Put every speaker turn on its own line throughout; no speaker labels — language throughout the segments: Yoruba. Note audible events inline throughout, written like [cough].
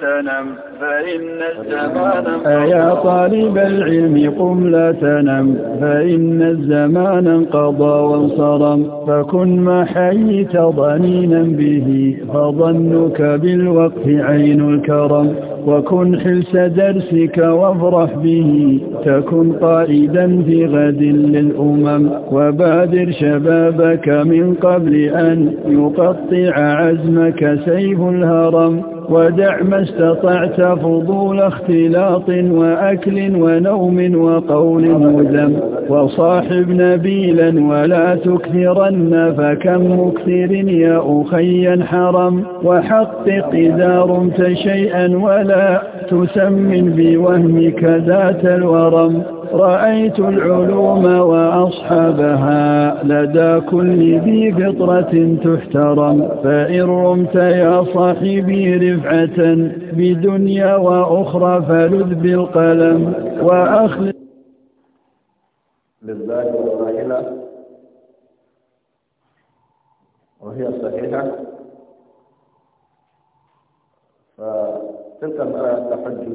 تنم فإن الزمان يا طالب العلم قم لا تنم فإن الزمان انقضى وانصرم فكن ما حييت ضنينا به فظنك بالوقت عين الكرم وكن حلس درسك وافرح به تكن قائدا في غد للأمم وبادر شبابك من قبل أن يقطع عزمك سيف الهرم ودع ما استطعت فضول اختلاط وأكل ونوم وقول مذم وصاحب نبيلا ولا تكثرن فكم مكثر يا أخي حرم وحقق إذا رمت شيئا ولا تسمن بوهمك ذات الورم رأيت العلوم وأصحابها لدى كل ذي فطرة تحترم فإن رمت يا صاحبي رفعة بدنيا وأخرى فلذ بالقلم وأخلق
لله والرائلة وهي صحيحة فتلك المرأة تحج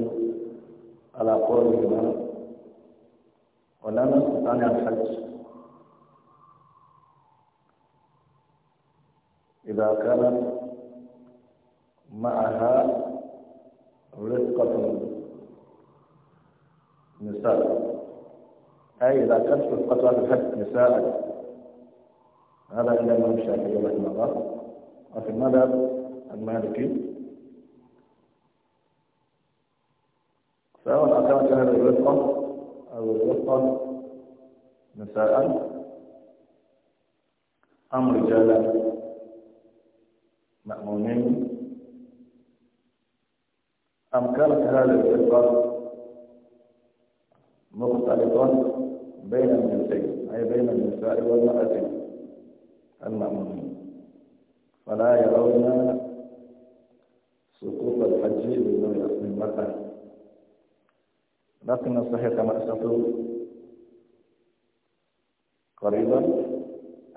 على قولهما ولا من استطاع الحج إذا كانت معها رفقة نساء أي إذا كانت رفقتها الحج نساء هذا إلا الإمام الشافعي رحمه الله وفي المذهب المالكي سواء كانت هذه الرفقة أو الوسط نساء أم رجالا مأمونين أم كانت هذه الفرقة مختلطة بين الجنسين أي بين النساء والمرأتين المأمونين فلا يرون سقوط الحج من المرأة لكن الصحيح كما ذكرت قريبا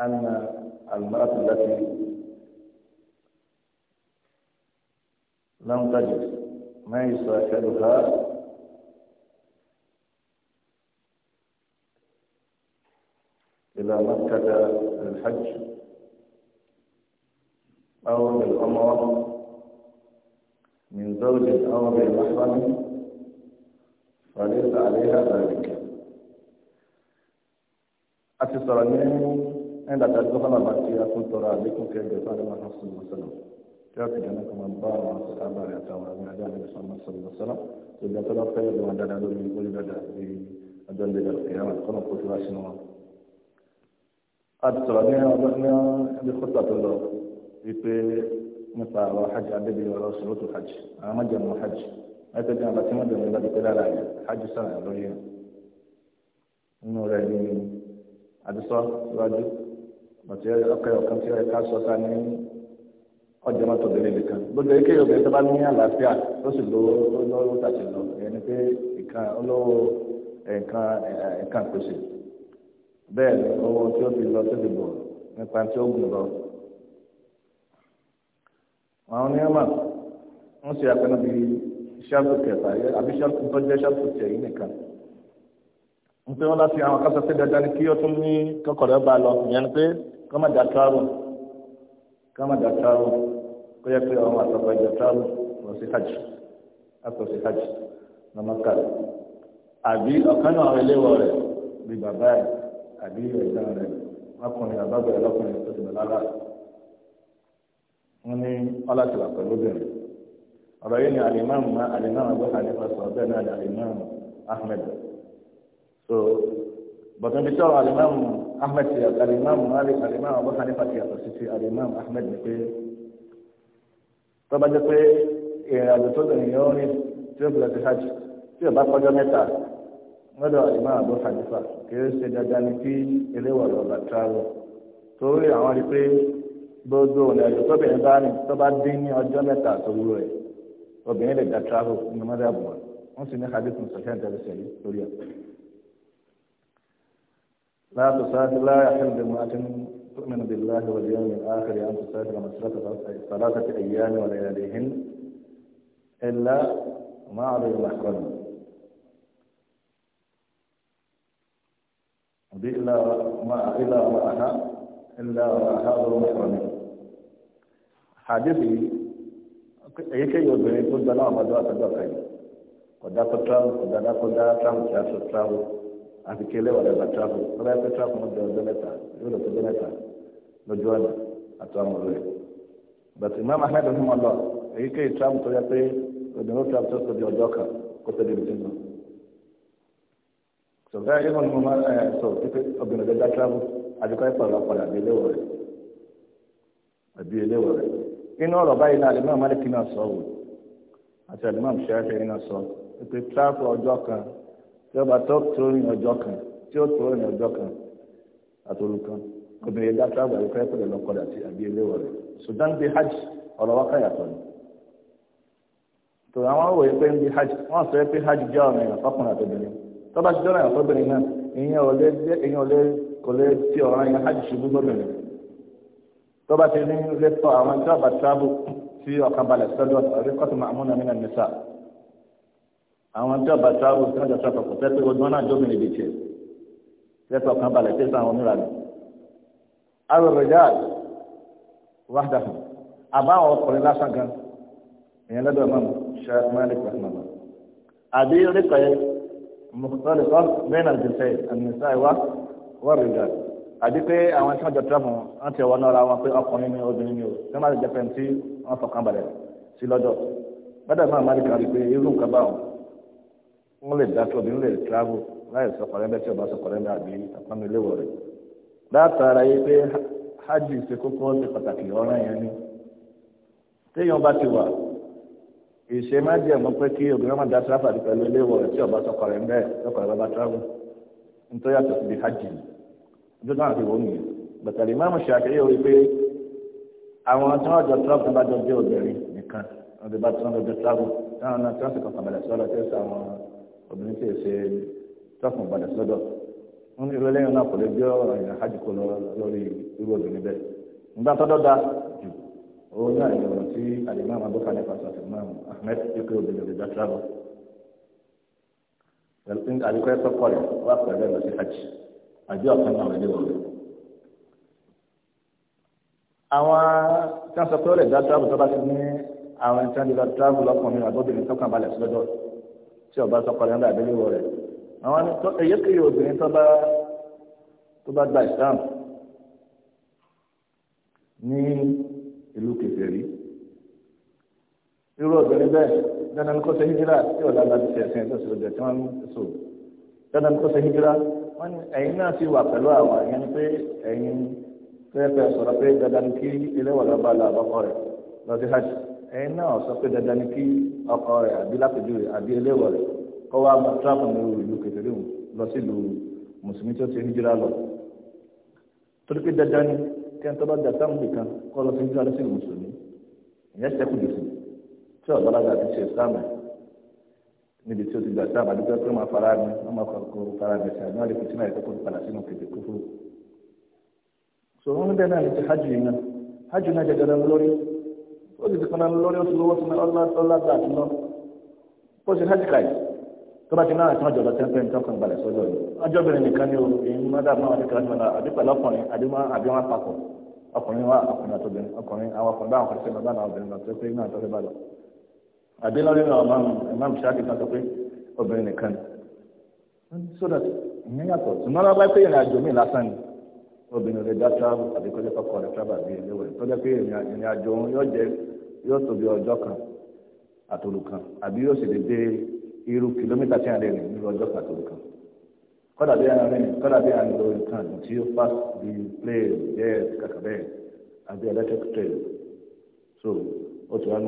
أن المرأة التي لم تجد ما يساعدها إلى مكة للحج أو للعمرة من زوج أو محرم فليس عليها ذلك أتصرني عند تدخل باتي أكون ترى كيف يفعل ما حصل وسلم كيف جنكم أنبار مع الصحابة من أجل النبي صلى الله عليه وسلم تجد تلقى يدو أن من كل بدأ أدن بدأ القيامة كما قلت واشنوا
أتصرني أبقنا
بخطة الله يبقى نفع حج أدبي ولا شروط الحج أنا مجمع حج ẹsẹ̀ tí wọn bá ti mọ̀ dọ̀mí láti pẹ́ lára yìí ájú sọ̀rọ̀ lórí yẹn nínú rẹ̀ ní àdúsọ́ síwájú bàtí ọkọ̀ ọ̀kan tí ọ̀ka sọ ká ní ọjọ́ mọ́tò bèrè nìkan gbogbo èké obìnrin tó bá ní àlàáfíà tó sì lo olówó tàṣì lọ ẹni pé nǹkan olówó nǹkan nǹkan pèsè bẹ́ẹ̀ ni owó tí ó fi lọ tó fi bọ̀ nípa tí ó gùn lọ. àwọn onímọ̀ ń ṣe àpẹnubí ṣáàtù kẹfà yẹ àbí ṣáàtù tó jẹ́ ṣáàtù tẹ̀ yìí nìkan nítorí wọn láti àwọn akásọ sí dandan ni kí ó tún ní kọkọrẹ bá lọ ìyẹn ni pé kọ́ má da tíráàbù kọ́ má da tíráàbù kó yẹ pé àwọn àtọ̀kọ̀ ìjọ tíráàbù lọ sí hajj àtọ̀ sí hajj lọ́mọ́kà àbí ọ̀kan náà àwọn eléwọ̀ rẹ̀ bíi bàbá rẹ̀ àbí ẹ̀gbọ́n rẹ̀ ọkùnrin àbábẹ̀rẹ̀ lọ́kùnrin tó ti bẹ̀ lára wọn ní ọlá ti wà pẹ̀lú obìnrin ọ̀rọ̀ yìí ni alimami ma alimami abu hanifa sọ bẹ́ẹ̀ náà ni alimami ahmed so bọ̀dọ̀ bí sọ̀rọ̀ alimami ahmed ti yàtọ̀ alimami malik alimami abu hanifa ti yàtọ̀ sí ti alimami ahmed ni pé tọ́ba jẹ́ pé ìrìn àjò tó lè yọ ní tí ó gbọ́dọ̀ ti hajj tí ò bá kọjọ́ mẹ́ta lọ́dọ̀ alimami abu hanifa kì í ṣe dandan ni kí eléwọ̀ lọ́ọ́ bá travel torí àwọn rí pé gbogbo ọ̀nà ìlú tóbi ní bá rìn tó dín ní ọjọ́ mẹ́ta tó wúrọ̀ yìí. obìnrin lè da travel ní mọ́tà bùn wa wọ́n sì ní hadith musafiyan tẹ̀lé sẹ́yìn lórí ẹ̀. láàtò sáájú láyà ẹ̀lẹ́dẹ̀ mú àti تؤمن بالله واليوم الآخر أن تسافر مسيرة ثلاثة أيام ولياليهن إلا مع ذوي المحرم إلا ما إلا معها إلا معها ذو محرم حديثي èyíkéyìí obìnrin tó gba náà ọmọdé àtọ́jọ́ kan yìí kọ̀dá kó travel kọ̀dá dákọ́dá travel kí a sọ travel àti kí ẹlẹ́wàá lẹ́gbàá travel lọ́wọ́ ẹgbẹ́ travel mọ́jọ ọjọ́ mẹ́ta yóò lọ sọ́jọ́ mẹ́ta lójú ọ̀nà àti ọmọ rẹ̀ bàtí Imam Ahmed ọ̀hún ọ̀lọ́ èyíkéyìí travel tó yẹ pé obìnrin travel tó sọ́jọ́ ọjọ́ kan kó tó débi tí ń lọ. sọ̀rọ̀ inú ọ̀rọ̀ báyìí náà alimami Malik náà sọ wò àti alimami Shafi'i náà sọ pé tíráfù ọjọ́ kan tí ọba tó tó ní ọjọ́ kan tí ó tó ní ọjọ́ kan àtòlù kan obìnrin yẹn tíráfù àyíká ẹ̀kọ́ lọ́kọ́ àbí hajj ọ̀rọ̀ wa ni tò àwọn òwò pé ń hajj wọ́n sọ pé hajj jẹ́ ọ̀nà ìyàn fọ́kùnrin àtòbìnrin tọ́ba ti jọ́nà ìyàn fọ́bìnrin náà ìyẹn ò lè kò lè ti ọ̀ràn ìyàn hajj ṣubú tọ́ba ti ní lẹ́tọ̀ àwọn tí wọ́n bá tíráàbù sí ọ̀kan balẹ̀ sọ́dọ̀ ríkọ́tù màmúnà nínú nìsa àwọn tí wọ́n bá tíráàbù sí ọjọ́ sọ́kọ̀ kò tẹ́tí ojú wọn náà jómi níbi tiẹ̀ lẹ́tọ̀ ọ̀kan balẹ̀ tí sàn wọn níra ni. àwọn rẹ̀dáàlì wáhdà hàn àbáwọn ọkùnrin lásán gan ìyẹn lọ́dọ̀ mọ́mú ṣáàtì malik rahman àbí àbí pé àwọn tí wọ́n jọ tẹ́lẹ̀mù wọ́n ti wọ́n nára wọn pé ọkùnrin o tí wọ́n bá lè jẹ́ pẹ́ntì wọ́n fọkàn balẹ̀ sí lọ́dọ̀ bẹ́ẹ̀ máa máa kàrí pé irú nǹkan bá wọn wọ́n lè dátọ́ obìnrin lè travel láì sọkọ̀rẹ́ bẹ́ẹ̀ tí ọba sọkọ̀rẹ́ bẹ́ẹ̀ àbí àpamọ́ ilé wọ̀ rẹ̀ látara yìí pé hajj ṣe kókó ṣe pàtàkì ọ̀ràn yẹn ni téèyàn bá ti wà ìṣe má jẹ́ mọ́ pé kí obìnrin má àti pẹ̀lú rẹ̀ jọ náà ti wọ́n nìyẹn bàtàlì Imam Shafi'i yóò rí pé àwọn tí wọ́n jọ tíráàbù bá jọ jẹ́ obìnrin nìkan wọ́n ti bá tí wọ́n jọ jọ tíráàbù táwọn náà tí wọ́n sì kọ́ kàmẹ́lẹ̀ sọ́dọ̀ tí ó sọ àwọn obìnrin tí èsè tọ́kùn balẹ̀ sọ́dọ̀ wọ́n ní ìrọ̀lẹ́yìn náà kò lè jẹ́ ọ̀rọ̀ ìrìn àjò kò lọ lórí irú obìnrin bẹ́ẹ̀ nígbà tọ́dọ̀ da jù òun náà ní ọ̀rọ̀ tí alimam abúkálẹ̀ pàṣẹ imam Ahmed ike obìnrin lè dá tíráàbù àbíkọ́ ẹ̀kọ́ kọ́ rẹ̀ wá pẹ̀lú ẹ̀ lọ sí hajj àbí ọ̀kan náà wọlé wọlé. àwọn káńsọ pé ó lè dá tíráàbù tó bá ti ní àwọn ẹni tí wọ́n lè dá tíráàbù lọ́kùnrin àbóbìnrin tó kàn balẹ̀ sí lọ́dọ̀ tí ọba sọkọ lẹ́yìn àbẹ́lẹ́wọ̀ rẹ̀ àwọn èyíkéyìí obìnrin tó bá tó bá gba Islam ní ìlú kèfèrí irú obìnrin bẹ́ẹ̀ dandan kó ṣe hijira tí ọ̀la bá ti ṣe ẹ̀sìn ẹ̀sìn ọ̀sẹ̀ ọ̀dẹ̀ tí wọ́n ń sọ dandan kó ṣe hijira wọ́n ní ẹ̀yin náà sì wà pẹ̀lú àwọn ẹ̀yin pé ẹ̀yin fẹ́ẹ́fẹ́ sọ̀rọ̀ pé dandan kí ẹlẹ́wọ̀n lọ́ba la ọkọ rẹ̀ lọ sí hajj ẹ̀yin náà sọ pé dandan kí ọkọ rẹ̀ àbí lápẹ̀jù rẹ̀ àbí ẹlẹ́wọ̀n rẹ̀ kọ́ wa mọ tíráàpù ní ìlú kékeré wọn lọ sí ìlú mùsùlùmí tó ti hijira lọ torí pé dandan ni kí ẹni tó bá dàtà mú nìkan kọ́ lọ sí hijira lọ sí ìlú mùsùlùmí ìyẹn ṣẹ́kù dùsù tí ọ̀dọ́ níbi tí o ti gbà sáà bàdúgbò pé wọn fara mi wọn máa kọ fara mi sáà níwájú kìtì náà ìkókò padà sínú kìtì kúfúrú.
sọ wọn níbẹ̀ náà ní ti hajj yìí náà
hajj náà jẹ dandan lórí ó sì ti pọn dandan lórí ó sì lówó sinmi ọlá ọlá gbà tó lọ ó sì hajj káyì tó bá ti náà àti ọjọ́ lọ́tẹ́ pé nǹkan kan balẹ̀ sọ́jọ́ yìí ọjọ́ bẹ̀rẹ̀ nìkan ni o èyí má dà má wà ní kíláàsì náà àbí pẹ̀lú ọkùnrin àbí wọn àbí wọn papọ̀ ọkùnrin wa ọkùnrin àtobìnrin ọkùnrin àwọn ọkùnrin bá àwọn ọkùnrin sẹ́yìn lọ́dọ̀ àwọn obìnrin lọ́tẹ́ pé náà tọ́lẹ́ bá lọ àbí lọ́rẹ́ náà máa máa ṣe àdìgbà sọ pé obìnrin nìkan ni so that ìyẹn yàtọ̀ ṣùgbọ́n wọn bá pé ìrìn àjò mi lásán ni obìnrin rẹ̀ dá travel àbí kọjá kọkọ rẹ̀ travel àbí ẹlẹ́wẹ̀ tó jẹ́ pé ìrìn àjò òun yóò jẹ yóò tóbi ọjọ́ kan àtòlù kan àbí yóò sì lè dé irú kìlómítà tí a lè rìn nínú ọjọ́ kan àtòlù kan kọ́dà bí ara rìn kọ́dà bí ara lo nǹkan tí ó pass the plane jẹ́ kàkà bẹ́ẹ̀ àbí electric train so ó ti wá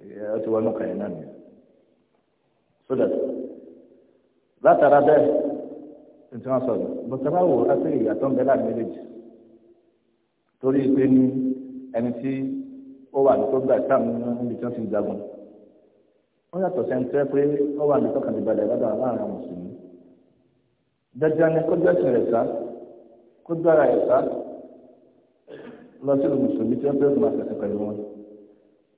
ẹ ti wọnú kàyé náà nìyẹn sódà látara bẹ́ẹ̀ ntí wọn sọ bọtara wò á pé ìyàtọ̀ ń bẹ láàrin méjèèjì torí pé ní ẹni tí ó wà ní tó gbà sáà níbi tí wọn ti jagun wọ́n yàtọ̀ sẹ́ńtẹ́ pé wọ́n wà nípa kan ìbàdàn ìbàdàn láàrin àwọn mùsùlùmí. dandan ni kó jẹ́ ẹ̀sìn rẹ̀ sá kó dára ẹ̀ sá lọ sí mùsùlùmí tí wọ́n fẹ́ máa tẹ̀sẹ̀ pẹ̀lú wọn.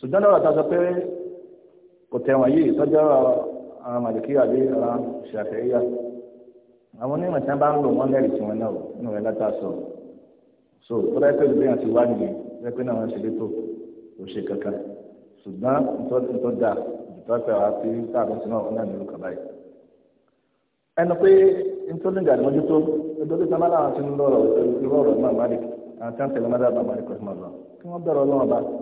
ṣùgbọ́n lọ́rọ̀ ta sọ pé kò tẹ̀wọ̀n yìí tọ́jú àwọn màlìkí àbí àwọn ṣàfẹ́yà àwọn onímọ̀ tí wọ́n bá ń lò wọ́n lẹ́rìí tí wọ́n náà nínú ẹ̀ látà sọ so tó bá yẹ pé lóbi àti wá nìyẹn lẹ́yìn pé náà wọ́n ṣe létò kò ṣe kankan ṣùgbọ́n nítorí tó dáa ìtọ́ pé àwọn àti táàbù tí wọ́n náà nílò kàbáyé ẹnu pé nítorí gàdúmọ́jútó nítorí tí wọ́n bá náà ti ń lọ́rọ̀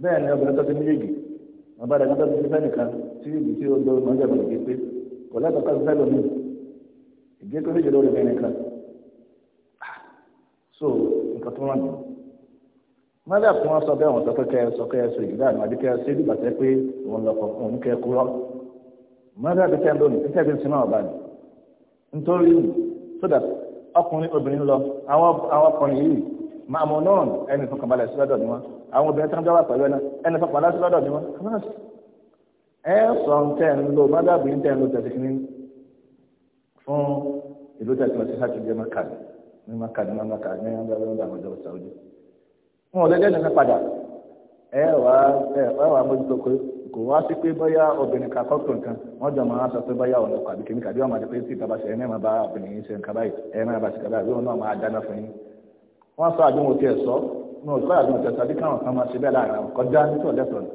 bẹ́ẹ̀ ni obìnrin tó ti méjèèjì bàbá rẹ̀ gbọ́dọ̀ ti nìkan tí ibi tí ó lọ mọ́jà bọ̀ lè pé kò lẹ́tọ̀ọ́ ká fẹ́ lómi ìgbé tó méjèèjì lórí nìkan ah, so nǹkan tó rán mi mọ́jà kí wọ́n sọ bẹ́ẹ̀ wọ́n sọ kẹ́ ẹ sọ kẹ́ ẹ sọ ìgbà àná àbí ẹ ṣe dìgbà pé òun lọ òun kẹ́ ẹ àwọn obìnrin tí wọ́n jọ wà pẹ̀lú ẹ̀nà ẹni tó padà sí lọ́dọ̀ ni wọ́n kọ́mọ́sì ẹ sọ tẹ̀ ń lo mọ́dàbí ń tẹ̀ ń lo tẹ̀sí ní fún ìlú tẹ̀sí lọ sí sátidé mọ́kàlì ní mọ́kàlì ní mọ́kàlì ní ọ̀dọ̀ àwọn ìjọba sàwùjọ. wọn ò lè dẹ́nu padà ẹ wà ẹ wà mójútó pé kò wá sí pé bóyá obìnrin kan kọ́kùnrin kan wọ́n jọ máa sọ pé bóyá ọ̀nà kàbí kìíní kàbí ọmọdé pé tí ìtàbàṣẹ ẹ̀ náà máa bá obìnrin yìí ṣe nǹkan báyìí ẹ̀ náà bá ṣe nǹkan báyìí wọn náà máa dáná fún yín. wọ́n sọ àdúgbò tiẹ̀ sọ náà sọ àdúgbò tẹ̀sán bí káwọn kan máa ṣe bẹ́ẹ̀ láàrin àwọn kọjá ní tòun lẹ́tọ̀ọ́ ni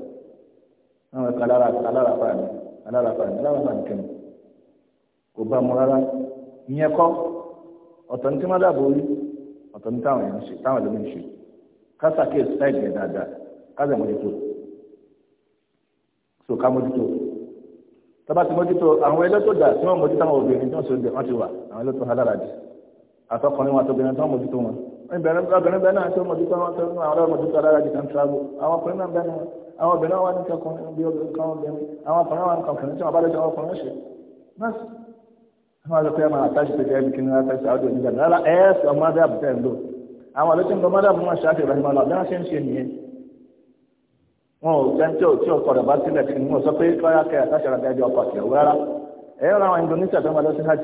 àwọn ẹ̀ka alárafa ni alárafa ni alárafa ni kẹ́mi kò bá mu rárá ìyẹn kọ́ ọ̀tọ̀ ní tí wọ́n dàbò orí ọ̀tọ̀ ní táwọn èèyàn ṣe táwọn ẹlòmíì ṣe kásà kí èsì táì gbẹ dáadáa kásà mójútó so ká mójútó tábà ti mójútó àwọn ẹlẹ́tò dà tí wọ́n mójútó àwọn obìnrin tí wọ́n ṣe wọ́n ti wà àwọn ẹlẹ́tò alára dì àtọkùnrin wọn àtọbìnrin tí wọ́n mójútó wọn ìbẹ̀rẹ̀ ọbẹ̀rẹ̀ bẹ́ẹ̀ náà tí ọmọdé kan wọn tẹ́lẹ̀ àwọn ọmọdé kan lára jìkan travel àwọn ọkùnrin náà bẹ́ẹ̀ náà àwọn obìnrin wà ní kankan bí obìnrin kan obìnrin àwọn ọkùnrin wà ní kankan tí wọn bá lè ṣe àwọn ọkùnrin ṣe nọ́ọ̀sì wọn lọ pé ẹ máa àtàṣe pé ẹ kí ni wọn fẹsẹ̀ àwọn òní gbàdúrà rárá ẹ sọ mọdà bẹ́ẹ̀ lò àwọn àlọ́ tí ń lọ mọdà mọ́ ṣáàtì ìbáṣe máa lọ bí wọ́n ṣe ń ṣe nìyẹn wọn ò jẹ́ tí ò tí ò kọ̀dọ̀ bá sílẹ̀ kí ni wọ́n sọ pé kọ́yà kẹ́ àtàṣe ara gẹ́gẹ́ ọkọ̀ àti ẹ̀wọ́ rárá ẹ ràn àwọn Indonesia tó máa lọ sí hajj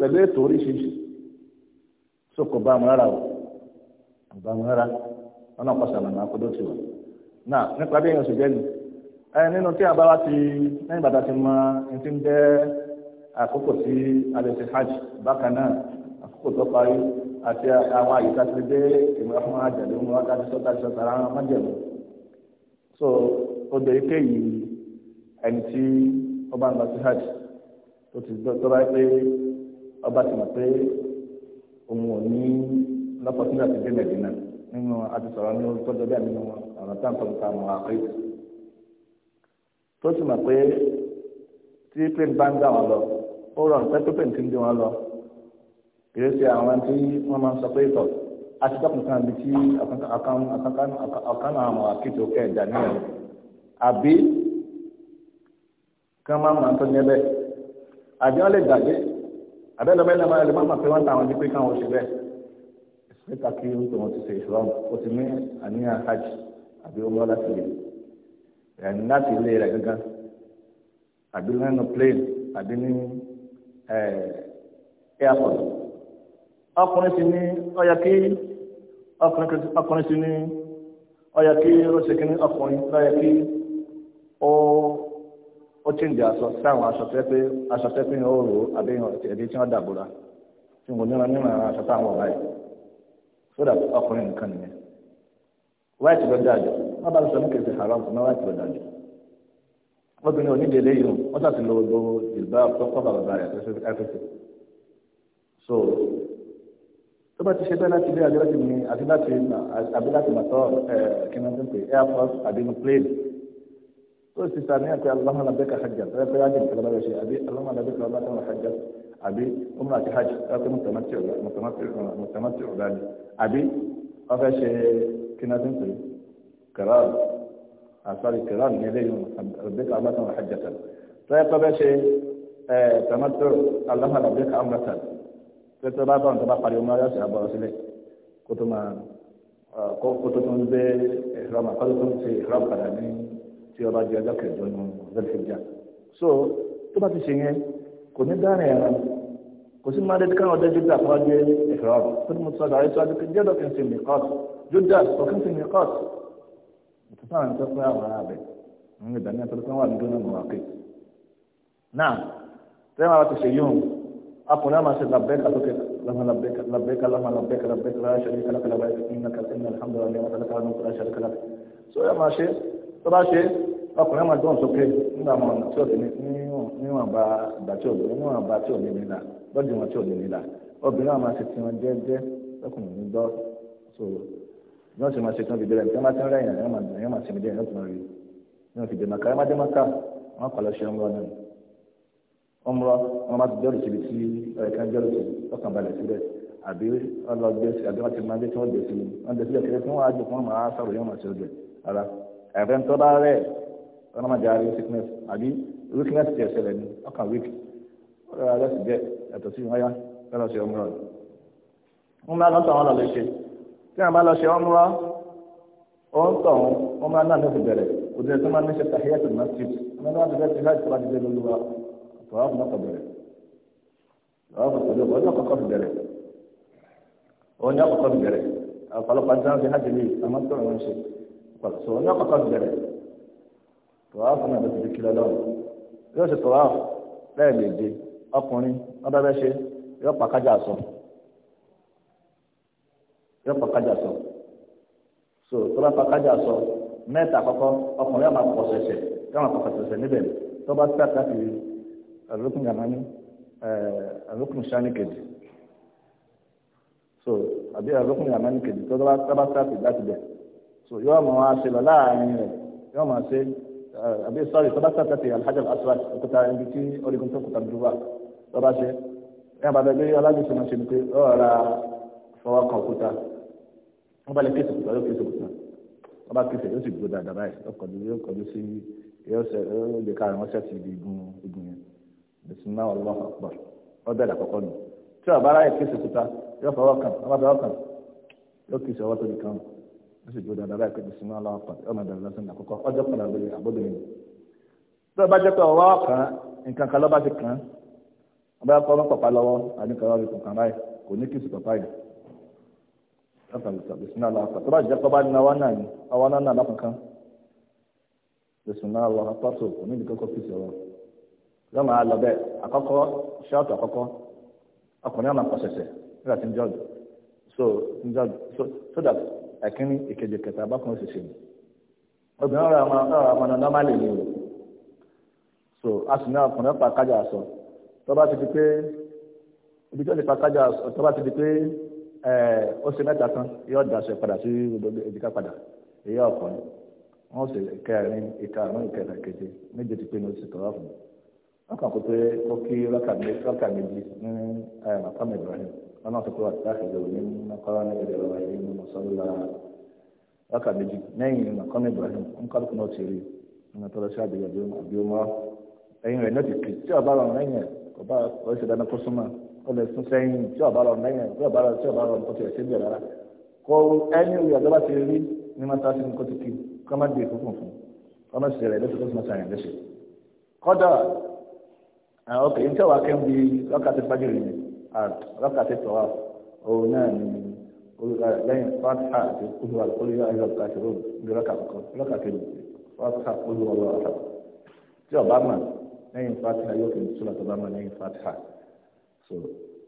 pẹ̀lú ètò oríṣiríṣi so kò bá wọn rárá o àbámu rárá ọlọ́pàá na akọ́dọ̀ tiwa náà nípa bí oṣù ṣe jẹ́ ni ẹ nínú tí àbá wa ti lẹ́yìn bàtà ti mọ ẹni ń jẹ́ àkókò tí hajj bákan náà àkókò tó parí àti àwọn àyíká ti dé ìmúra fún àjẹ̀dé wọn wákàtí sọ́tà sọ́tà ara wọn so odò ike yìí ẹni tí hajj tó ti dọ́ tó bá pé ọba ti lọ́kọ̀tún àti dé mẹ̀dínà nínú àdìsọ̀rọ̀ ní orí tọ́jú bẹ́ẹ̀ nínú ọ̀rọ̀ táǹtọ̀ nípa àwọn àkọ́yè tó sì mọ̀ pé tí plane bá ń dá wọn lọ ó rọrùn pé plane ti ń dé wọn lọ kìí ṣe àwọn tí wọ́n máa ń sọ pé ìtọ̀ àti kan àbí tí ọ̀kan àwọn akéèké òkè ẹ̀dá nílẹ̀ àbí kí wọ́n máa ń máa tó ní ẹbẹ̀ àbí wọ́n lè gbàgbé àbẹ́lẹ́mẹ́lẹ́mọ́ ẹlẹ́mọ́ máa pé wọ́n ta àwọn káwọn ò bẹ́ẹ̀. nípa kí orúkọ wọn ti ṣe ìṣòwò ó ti ní àníyàn hajj àbí owó láti lè ẹni láti ilé rẹ̀ gangan àbí nínú plane àbí ní airport ọkùnrin ti ní ọyà kí ọkùnrin ti ní ọyà kí ó ṣe kíní ọkùnrin lọ́yà kí ó ó chíǹdì aṣọ sáwọn aṣọ tẹ́ pé aṣọ pé ó rò ó àbí tí sódà ọkùnrin nìkan nìyẹn wáìtì lọ dájọ wọn bá sọ nípa ẹsẹ haram ṣùgbọ́n wáìtì lọ dájọ obìnrin onídèlé yìí wọn sàti lọ gbogbo ìgbà ọkọ bàbá rẹ ẹfẹsẹ so tó bá ti ṣe bẹ́ẹ̀ láti ilé àjọ láti ní àti láti àbí láti màtọ́ ẹ kí ni wọ́n pè air force àbí ní plane tó sì sàmì àti alámọ̀lá bẹ́ẹ̀ ká hajj àti ẹgbẹ́ ajé ìkàlọ́ bá rẹ̀ ṣe àbí alámọ̀lá bẹ́ẹ̀ ká bá tẹ̀wọ̀n hajj àbí umrah àti hajj láti mùtàmátì ọ̀gáàdì àbí wọ́n fẹ́ ṣe kínátì pé kẹrààrù àsọ̀rì kẹrààrù ní eléyìí àbíkà abátàn àjẹsà tẹ́lẹ̀ tó fẹ́ ṣe tàmátì aláhàn àbíkà amrata tẹ́lẹ̀ tó bá bá wọn tó bá parí umrah yóò ṣe àbọ̀rọ̀ sílẹ̀ kó tó máa kó tó tó ń gbé kó tó tó ṣe ìhìrọ̀mà padà ní tí ọba jẹ́ ọjọ́ kẹjọ nù kò ní dáná yàrá kò sí máa dẹ́tíkà ọ̀dẹ́ jù dà fún ìfẹ́ràn tó ní mo sọ sọ́dọ̀ kí jẹ́dọ̀ jẹ́ lọ́kàn sì mí kọ́ọ̀tù jù dà kò kí n sì mí kọ́t ìtúsàn àti sọ́kùn àwọn ará rẹ̀ ń gbé dání àtọ́lùkọ́ wà ní gbóná dúnà mọ̀wákì. náà tẹ́lẹ̀ máa ti ṣe yóò akùnrin máa ṣe làbẹ́kà lókè làbẹ́kà làbẹ́kà làbẹ́kà làbẹ́kà láṣẹ̀ríkà lákàlà báyìí ní ọkùnrin máa dán sókè nígbà mọ tí òsì ní bá ìgbà tí òbí níwọ̀n bá tí òbí nílà lọ́dún ìwọ̀n tí òbí nílà obìnrin máa ṣe tiwọn jẹ́jẹ́ lọ́kùnrin ní gbọ́ wọ́n máa ṣe tiwọn nígbà máa ti ń rẹ̀yìn máa ṣe dẹ́yìn lọ́kùnrin rí ni wọ́n fi dè màkà kọ̀ náà ọmọ wọn máa jọ́rù síbi tí ẹ̀ka jọ́rù sí ọkàn balẹ̀ síbẹ̀ àbí ọlọ́gbẹ́ sí àbí wọ́n ti máa tí wọ́n sí ọ̀nà máa jàre sickness àbí weakness ti ẹ̀sẹ̀ rẹ̀ ni ọkàn weak ọ̀rẹ́ alẹ́ sì jẹ́ ẹ̀tọ́ sí ìwáyà lọ́dọ̀ sí ọmọ rẹ̀. wọ́n máa lọ́tọ̀ àwọn ọ̀lọ́lẹ̀ ṣe tí wọ́n bá lọ ṣe ọmọ wọn tọ̀ wọn wọ́n máa náà lọ́sẹ̀ bẹ̀rẹ̀ òdì ẹ̀sẹ̀ máa ní ṣe tahiyatul masjid wọ́n máa ti bẹ́ẹ̀ ti láì tọ́lá ti dé lóluwa tọ́wọ́ fún ọkọ̀ bẹ̀rẹ̀ tọ́wọ́ fún ọjọ́ kọ́kọ́ fi bẹ̀rẹ̀ ọjọ́ kọ́kọ́ fi bẹ̀rẹ̀ ọ̀pọ̀lọpọ̀ àti sáà fi hajj mi àmọ́ tó ń ṣe ọ̀pọ̀lọpọ̀ ọjọ́ kọ́kọ́ fi bẹ̀rẹ̀ tọ́wáfù náà lọ́sibí kí lọ́lọ́run yóò ṣe tọ́wáfù lẹ́ẹ̀mejì ọkùnrin ọdọ́bẹ́ ṣe yóò pàkájà sọ yóò pàkájà sọ so tọ́ba pàkájà sọ mẹ́ta àkọ́kọ́ ọkùnrin àmà pọ̀sẹ̀sẹ̀ yóò àmà pọ̀sẹ̀sẹ̀ níbẹ̀ tọ́ba tí a kàfi àlùkùn yamani àlùkùn eh, sani so àbí àlùkùn eh, yamani kejì tọ́ba tí a kàfi láti bẹ̀ so yóò àmà ṣe lọ láàrin yóò ṣe. àbí sọ́ọ̀rì tó bá sàkàtì alhaji al-aswad òkúta ibi tí orígun tó kúta dùbà tó bá ṣe ẹ bàbá bí alágbèsè máa ṣe ni pé ó ra fọwọ́ kan òkúta wọ́n bá lè kéṣe òkúta yóò kéṣe òkúta wọ́n bá kéṣe yóò sì gbó dáadáa báyìí ó kọjú yóò kọjú sí yóò ṣe yóò lè káàrin wọ́n ṣẹ́ẹ̀tì ibi igun igun yẹn bisimilá Allahu akbar ó bẹ̀rẹ̀ àkọ́kọ́ nù tí ọ̀bá ráyè kéṣe òkúta yóò fọwọ́ kan ọba fọwọ́ kan yóò kéṣe ọwọ́ tó di kan nù ó sì dúró dáadáa pé bisimilá aláwọ̀ pàdé ọmọ ìdàrú lọ́sẹ̀ ní àkọ́kọ́ ọjọ́ padà lórí àbódò yìí tó o bá jẹ́ pé ọwọ́ kan nǹkan kan lọ́ba ti kàn án ọba kọ́ ọmọ pàpà lọ́wọ́ àdínkàn lọ́wọ́ ìkùnkàn báyìí kò ní kí sùpàpà yìí bisimilá aláwọ̀ pàdé tó bá jẹ́ pé ọba ní ọwọ́ náà ní ọwọ́ náà náà lọ́kàn kan bisimilá aláwọ̀ pàtó kò ní ìdíkọ́kọ́ fi sọ̀rọ̀ yọ máa lọ bẹ́ẹ̀ àkọ́kọ́ ṣáàtù àkọ́kọ́ ọkùnrin àmà pọ̀ ṣẹ̀ṣẹ̀ nígbà tí ń jọ́ọ̀dù so ń jọ́ọ̀dù so that ekini ìkejì kẹta bákan ṣe ni obìnrin ọ̀rọ̀ àwọn ni o so a sì ní ọkùnrin pa kájà sọ tó bá ti di pé ibi ó ṣe mẹ́ta tán yóò daṣọ padà sí gbogbo ìdíkà padà èyí ọkùnrin wọn sì kẹrin ìkarùn méje ti fún Ibrahim. ọlọ́run tó kọ́ àtàkùn ní mọ́kànlá ìbẹ̀rẹ̀ wáyé ní mọ́sálà rákà méjì lẹ́yìn mọ́kànlá Ibrahim nkálukú náà ti rí ọmọ tó lọ sí àbíyá àbí ọmọ ẹ̀yìn rẹ̀ náà ti kì tí ọba rọrùn lẹ́yìn ọba ọ̀ṣẹ̀ dáná kó súnmọ́ ó lè sún sẹ́yìn tí ọba rọrùn lẹ́yìn tí ọba rọrùn tí ọba rọrùn kó tiẹ̀ sí bẹ̀rẹ̀ rárá kó ẹni ìwé ọ̀dọ́ bá ti rí ní mọ́tàsí ní kó ti kì kó má di ìfúnfún fún ọmọ sì rẹ̀ lọ́sọ̀tọ̀ sọ́sọ́ àyàn lẹ́sẹ̀ kọ́dà ọkẹ́ ní tí ọba kẹ́ ń bi ọkà ti fájú rẹ̀ ard rákàtí náà ni lẹ́yìn fatiha àti kúlù alukóyè ayélujára ní rákàtí fatiha kúlù ọlọ́ tí ọba mà lẹ́yìn fatiha yóò fi sùlà tó bá mà lẹ́yìn so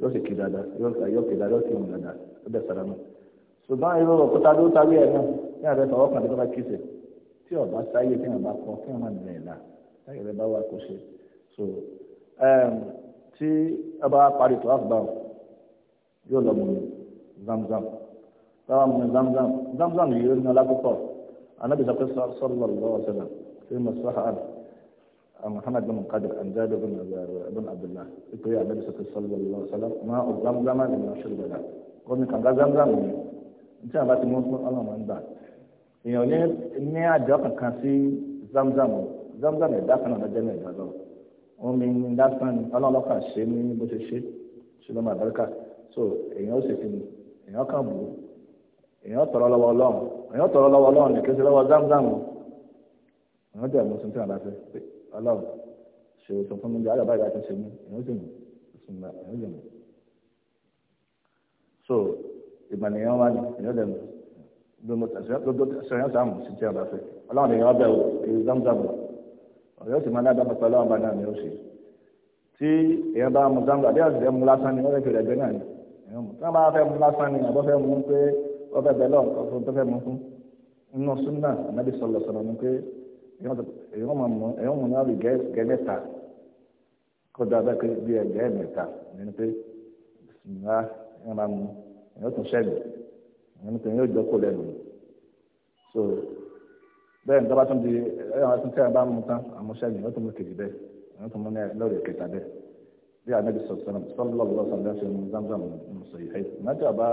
yóò sì kí dada yóò kí dada yóò kí wọn dada ó bẹ sàrámù ṣùgbọ́n irú òkúta ló tawí ẹ̀ náà ní tọwọ́ kan tó bá tí ọba sáyé tí a bá parí tó àfùbá yóò lọ mú zamzam táwa mú zamzam zamzam yìí ní alákòókò anabi sọ pé sallallahu alaihi wasallam fi masaha محمد بن قدر عن جابر بن بن عبد الله يقول يا النبي صلى الله عليه وسلم ماء زمزم لمن شرب له قلنا كان زمزم ní tí a bá ti mú ọlọ́run máa ń gbà èèyàn ní àjọ kankan sí zamzam zamzam ẹ̀dá kan náà lọ́jọ́ náà ìgbà wọ́n mi ní lásán ni ọlọ́ọ̀lọ́kà ṣe ní bó ṣe ṣe ṣe lọ́mọ àbẹ́ríkà so èèyàn ó sì fi mi èèyàn kàn bù ú èèyàn tọrọ lọ́wọ́ ọlọ́run èèyàn tọrọ lọ́wọ́ ọlọ́run nìkan ṣe lọ́wọ́ zamzam o èèyàn jẹ́ àmúṣe tí wọ́n bá fẹ́ pé ọlọ́run ṣe o sọ fún mi jẹ́ àgbà báyìí láti ṣe mí èèyàn sì mú ìsúnmọ́ èèyàn sì mú so ìgbànìyàn wá ní èèyàn dẹ̀ mú lọ́mọ tẹ̀sán lọ́dọ̀ tẹ̀sán yẹn sàmù sí tí wọ́n bá fẹ́ ọlọ́run èèyàn bẹ̀ wò èèyàn zamzam o ọ̀yọ́ sì máa dáadáa pẹ̀lú ọlọ́run bá dáa ní oṣù tí èèyàn bá mu zango àbí àti mu lásán ni wọ́n fẹ́ fèrè ẹgbẹ́ náà ni èèyàn mu tí wọ́n bá fẹ́ mu lásán ni àbọ̀ fẹ́ mu pé wọ́n fẹ́ bẹ́ẹ̀ lọ́ọ̀kan fún tó fẹ́ mu fún nínú súnà ànábì sọlọ sọlọ ni pé èèyàn máa mu èèyàn mu náà rí gẹ́ mẹ́ta kó dáadáa pé bí ẹ mẹ́ta ni pé sinimá èèyàn máa mu èèyàn tún ṣẹ́gun so bẹ́ẹ̀ nígbà tó ń di ẹ̀yàn àti sẹ́yìn bá mú tán àmúṣẹ́ yìí wọ́n tún mú kejì bẹ́ẹ̀ wọ́n tún mú lọ́ọ̀rì kẹta bẹ́ẹ̀ bí anabi sọ̀tún sọ́lọ́ọ̀lọ́ sọ̀tún ṣe mú zamzam sọ yìí hẹ́ẹ́ mẹ́tí ọba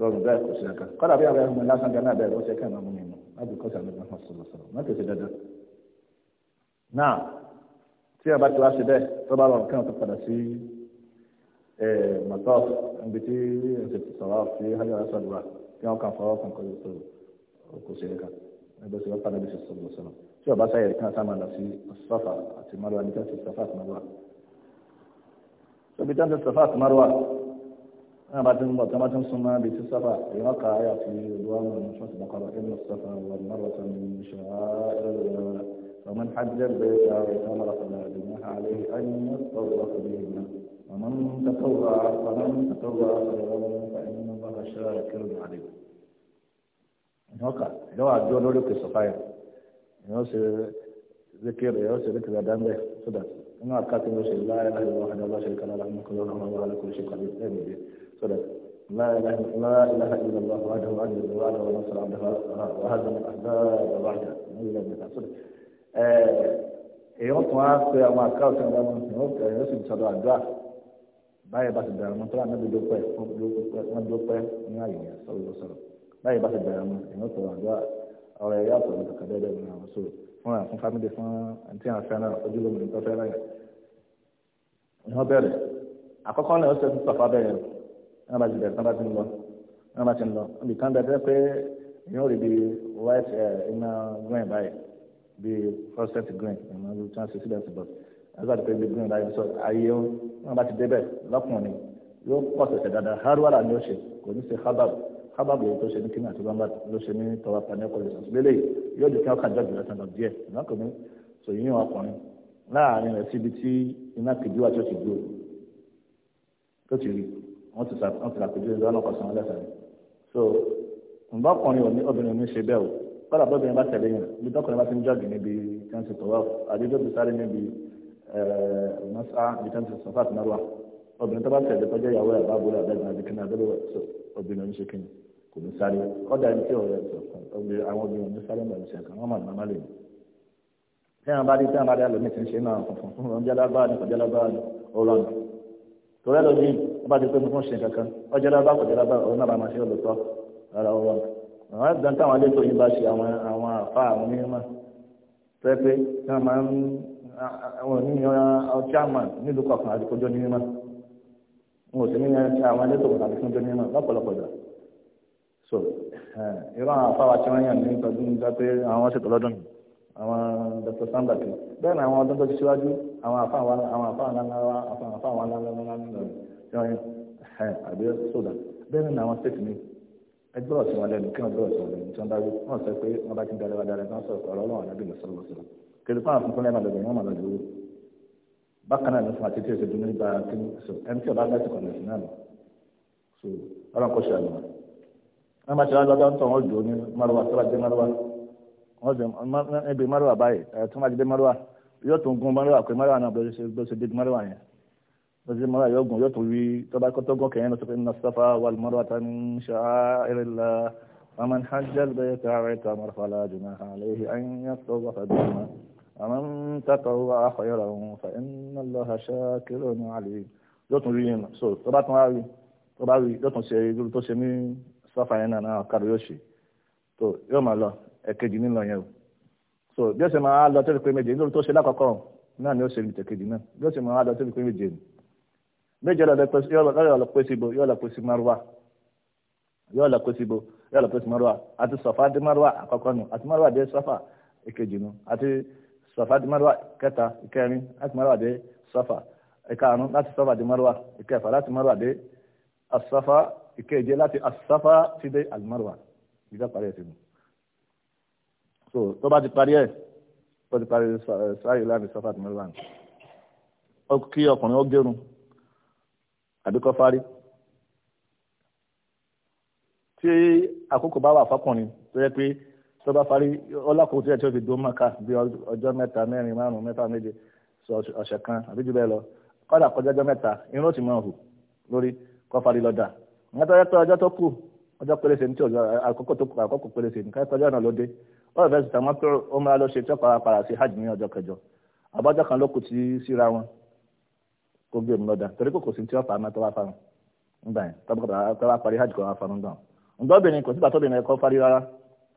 rọrùn bẹ́ẹ̀ kò sí ẹ̀ka kọ́dà bí abẹ́rẹ́ mú lásán gan náà bẹ́ẹ̀ ló ṣe kẹ́ ẹ̀ma mú mi mú láti kọ́ sàmì náà sọ̀rọ̀ sọ̀rọ̀ mẹ́tí ṣe dandan. náà tí ọba ti wá ṣe bẹ́ẹ̀ tó bá rọrùn kẹ́hìn tó padà sí mọ̀tọ́ níbi ẹgbẹ́ sọ lọ́pàá lẹ́bí sọ̀rọ̀ lọ́sọ̀rọ̀ tí ọba sáyẹ̀ kí wọ́n sá máa lọ sí sọ́fà àti márùwá níbi tí wọ́n ti sọ́fà àti márùwá. tóbi tí marwa nibi ti ń bọ̀ marwa wọ́n bá ti won sofa ati maruwa naa ba ti n bo ti ba ti n sun ọ̀rọ̀ si sọ́fà ọ̀rọ̀ kà á yà fi olúwa mọ̀ ní sọ́ọ̀tì bàkàrọ̀ ẹ̀mí sọ́fà wà márùwá tó ní ṣàárẹ̀ ومن حج البيت أو اعتمر فلا جناح عليه أن يتطوف بهما ومن تطوع فمن تطوع خيرا فإن الله شاكر عليم ìyẹn ọkà ìyẹn wà dúró lórí òkè sọfáyà ìyẹn ó ṣe zikiri ìyẹn ó ṣe zikiri àdáńgbẹ sódà nínú àkáàtì ló ṣe láyé láyé wọn àdáńgbẹ ṣe kálá láwọn kọlọ náà wọn wà lóko ṣe kọlẹ lẹ́nu ìdí sódà láyé láyé ìlọlọ wọn àdáwọ àdáwọ àdáwọ wọn sọ̀rọ̀ àdáwọ àdáwọ àdáwọ àdáwọ èyí ọ̀tún á pe àwọn àkáàtì ọ̀dọ́ ìyẹn ó sì sọ̀rọ̀ àdúrà báyìí bá ti dàrú mọ́tò àná láyé bá ti bẹ̀rẹ̀ mu èèyàn sọ̀rọ̀ àdúrà ọ̀rọ̀ ẹ̀yà sọ̀rọ̀ kàkà bẹ́ẹ̀ bẹ́ẹ̀ náà so fún ẹ̀ fún fámìlì fún àǹtí àfẹ́ràn ojúlómi tó fẹ́ rẹ̀ ni wọ́n bẹ̀rẹ̀ àkọ́kọ́ náà ó ṣe fún sọ̀fà bẹ̀rẹ̀ náà bá ti bẹ̀rẹ̀ náà bá ti ń lọ náà bá ti ń lọ níbi kan bẹ̀rẹ̀ pé èèyàn ò rí bi white eh, iná green báyìí bi frost green ìmọ̀ ló tún ṣe síbẹ̀ síbọ̀ ẹgbẹ́ àti pé bi green báyìí sọ ayé wọn bá ti débẹ̀ lọ́kùnrin yóò pọ̀ ṣẹ̀ṣẹ̀ dáadáa haruwara ni ó ṣe kò ní ṣe habab sábàbù tó ṣe ní kíni àti bàbá ló ṣe ní tọwọ́ pa ní ẹ̀kọ́ lè sọ̀tún lélẹ̀ yóò di kí wọ́n kà jọ́ọ̀jù lọ́sàn lọ díẹ̀ ìnákùnrin sọ yíyan ọkùnrin láàrin rẹ̀ síbi tí iná kejì wà tó ti dúró tó ti rí wọ́n ti sàpèjú ìlú ọlọ́kọ̀ sàn lẹ́sàn so ǹbá ọkùnrin ò ní obìnrin ní ṣe bẹ́ẹ̀ o kọ́lá bọ́bìnrin bá tẹ̀lé yẹn ibi tọkùnrin bá ti ń jọ́ọ̀gì níbi tí wọ́n ti tọwọ́ àdéjọ́ ti sáré níbi ẹ̀ẹ́dẹ́gbẹ́sá ibi kò ní sáré ọ̀dà ibi tí ọ̀rẹ́ sọ ọ̀gbẹ́ àwọn obìnrin ní sáré mọ̀ ìṣẹ̀ kan wọ́n mọ̀ ní ọmọ lè ní. tí wọn bá rí tí wọn bá rí àlọ́ mi ti ń ṣe náà funfun fún wọn jálábá ni kò jálábá ni ọ̀rọ̀ ni. torí ẹlòmí wọn bá ti pé fún ṣe kankan ọjàlábá kò jálábá ọ̀rọ̀ náà bá máa ṣe olùtọ́ rárá ọ̀rọ̀ ni. àwọn ẹgbẹ́ táwọn alẹ́kọ̀ọ́ yìí bá ṣe àwọn àwọn àfa àwọn onímọ̀ tẹ́ pé tí wọ́n máa ń àwọn onímọ̀ chairman nílùú kọ̀ọ̀kan àti kọjọ́ onímọ̀ wọn ò sì ní àwọn alẹ́kọ̀ọ́ àti kọjọ́ onímọ̀ lọ́pọ̀lọpọ̀ so eh, irú àwọn afáwa tí wọ́n yàn ní ìtọ́jú ń dá pé àwọn ṣètò lọ́dún àwọn dr sambati bẹ́ẹ̀ ni àwọn ọdún tó ti síwájú àwọn afáwa àwọn afáwa ńláńlá àwọn afáwa ńláńlá ńláńlá ńláńlá tí wọ́n yàn eh, àbí sódà bẹ́ẹ̀ ni àwọn state mi ẹgbẹ́ ọ̀sìn wọn lẹ́nu kí wọ́n gbọ́dọ̀ sọ̀rọ̀ lẹ́nu tí wọ́n bá rí wọ́n sọ pé wọ́n bá ti ń darí wa dára kí wọ́n sọ̀rọ̀ ọ̀rọ̀ ọlọ́run àdábì lọ́sọ̀rọ̀ lọ́sọ̀rọ̀ kele fún àfikún lẹ́nu àlọ́ ìwọ̀n àlọ́ ìwọ̀n bákan náà ló fún àti tí o ṣe dunu nípa kí so ẹni tí o bá gbà sí kọ̀ọ̀lẹ́sì náà lọ so ọlọ́run kò ṣe àlọ́ náà máa ṣe wá lọ́dọ̀ tó wọ́n jò ní márùwá tó bá dé márùwá wọ́n jẹ ẹbí márùwá báyìí tó máa dé márùwá yóò tún gun márùwá pé márùwá náà bó ṣe dé márùwá yẹn bó ṣe márùwá yóò gun yóò tún wí tó bá kó tó gùn kẹ́yìn lọ́sọ̀fẹ́ nínú sáfà wà ní ṣááírìlá ومن حج البيت اعتمر فلا جناح عليه أن يطوف بهما ومن تطوع خيرا فإن الله شاكر tó bá tún wá rí tó bá rí yóò sáfà yẹn náà náà kàdó yóò ṣe tó yóò máa lọ ẹ̀kejì nílọ yẹn o so bí ó ṣe máa lọ tẹ́lẹ̀ pé méje nítorí tó ṣe lákọ̀ọ́kọ́ náà ni ó ṣe ìtẹ̀kejì náà bí ó ṣe máa lọ tẹ́lẹ̀ pé méje ni méje yóò lọ pé síbo yóò lọ pé sí márùwá yóò lọ pé síbo yóò lọ pé sí márùwá àti sọ̀fà dé márùwá àkọ́kọ́ nù àti márùwá dé sọ́fà ìkejì nù àti sọ̀fà dé márùwá kẹta ìkẹrin àti márùwá dé sọ́fà ìkarùn láti sọ́fà dé márùwá ìkẹfà láti márùwá dé asọ́fà ìkẹjẹ láti asafa ti dé almarwa ìjà parí ẹ̀ sínú so tó bá ti parí ẹ̀ tó ti parí sáyé láàrin safa àti marwa kí ọkùnrin ó gẹrun àbí kó fárí tí àkókò bá wà fọkùnrin tó yẹ pé tó bá fárí ọlọ́kùnrin tó yẹ tí ó fi dó mọ́ka bí ọjọ́ mẹ́ta mẹ́rin márùn-ún mẹ́fà méje ọ̀sẹ̀ kan àbí jù bẹ́ẹ̀ lọ kọ́dà kọjá ọjọ́ mẹ́ta irun ó ti máa hù lórí kó fárí lọ́dà nígbà tó ọjọ́ tó kù ọjọ pérése ní tí ọjọ́ àkókò tó kù àkókò pérése ní káyọ̀ ọjọ́ náà ló dé ó rẹ̀ fẹ́ẹ́ tàmọ́ pé ó máa lọ ṣe hajj ní ọjọ kẹjọ àbájọ kan ló kù tí síra wọn kó gbé mi lọ́dà torí kò kò sí tí hajj wá ǹjọ́ obìnrin kò sígbà tóbìnrin rárá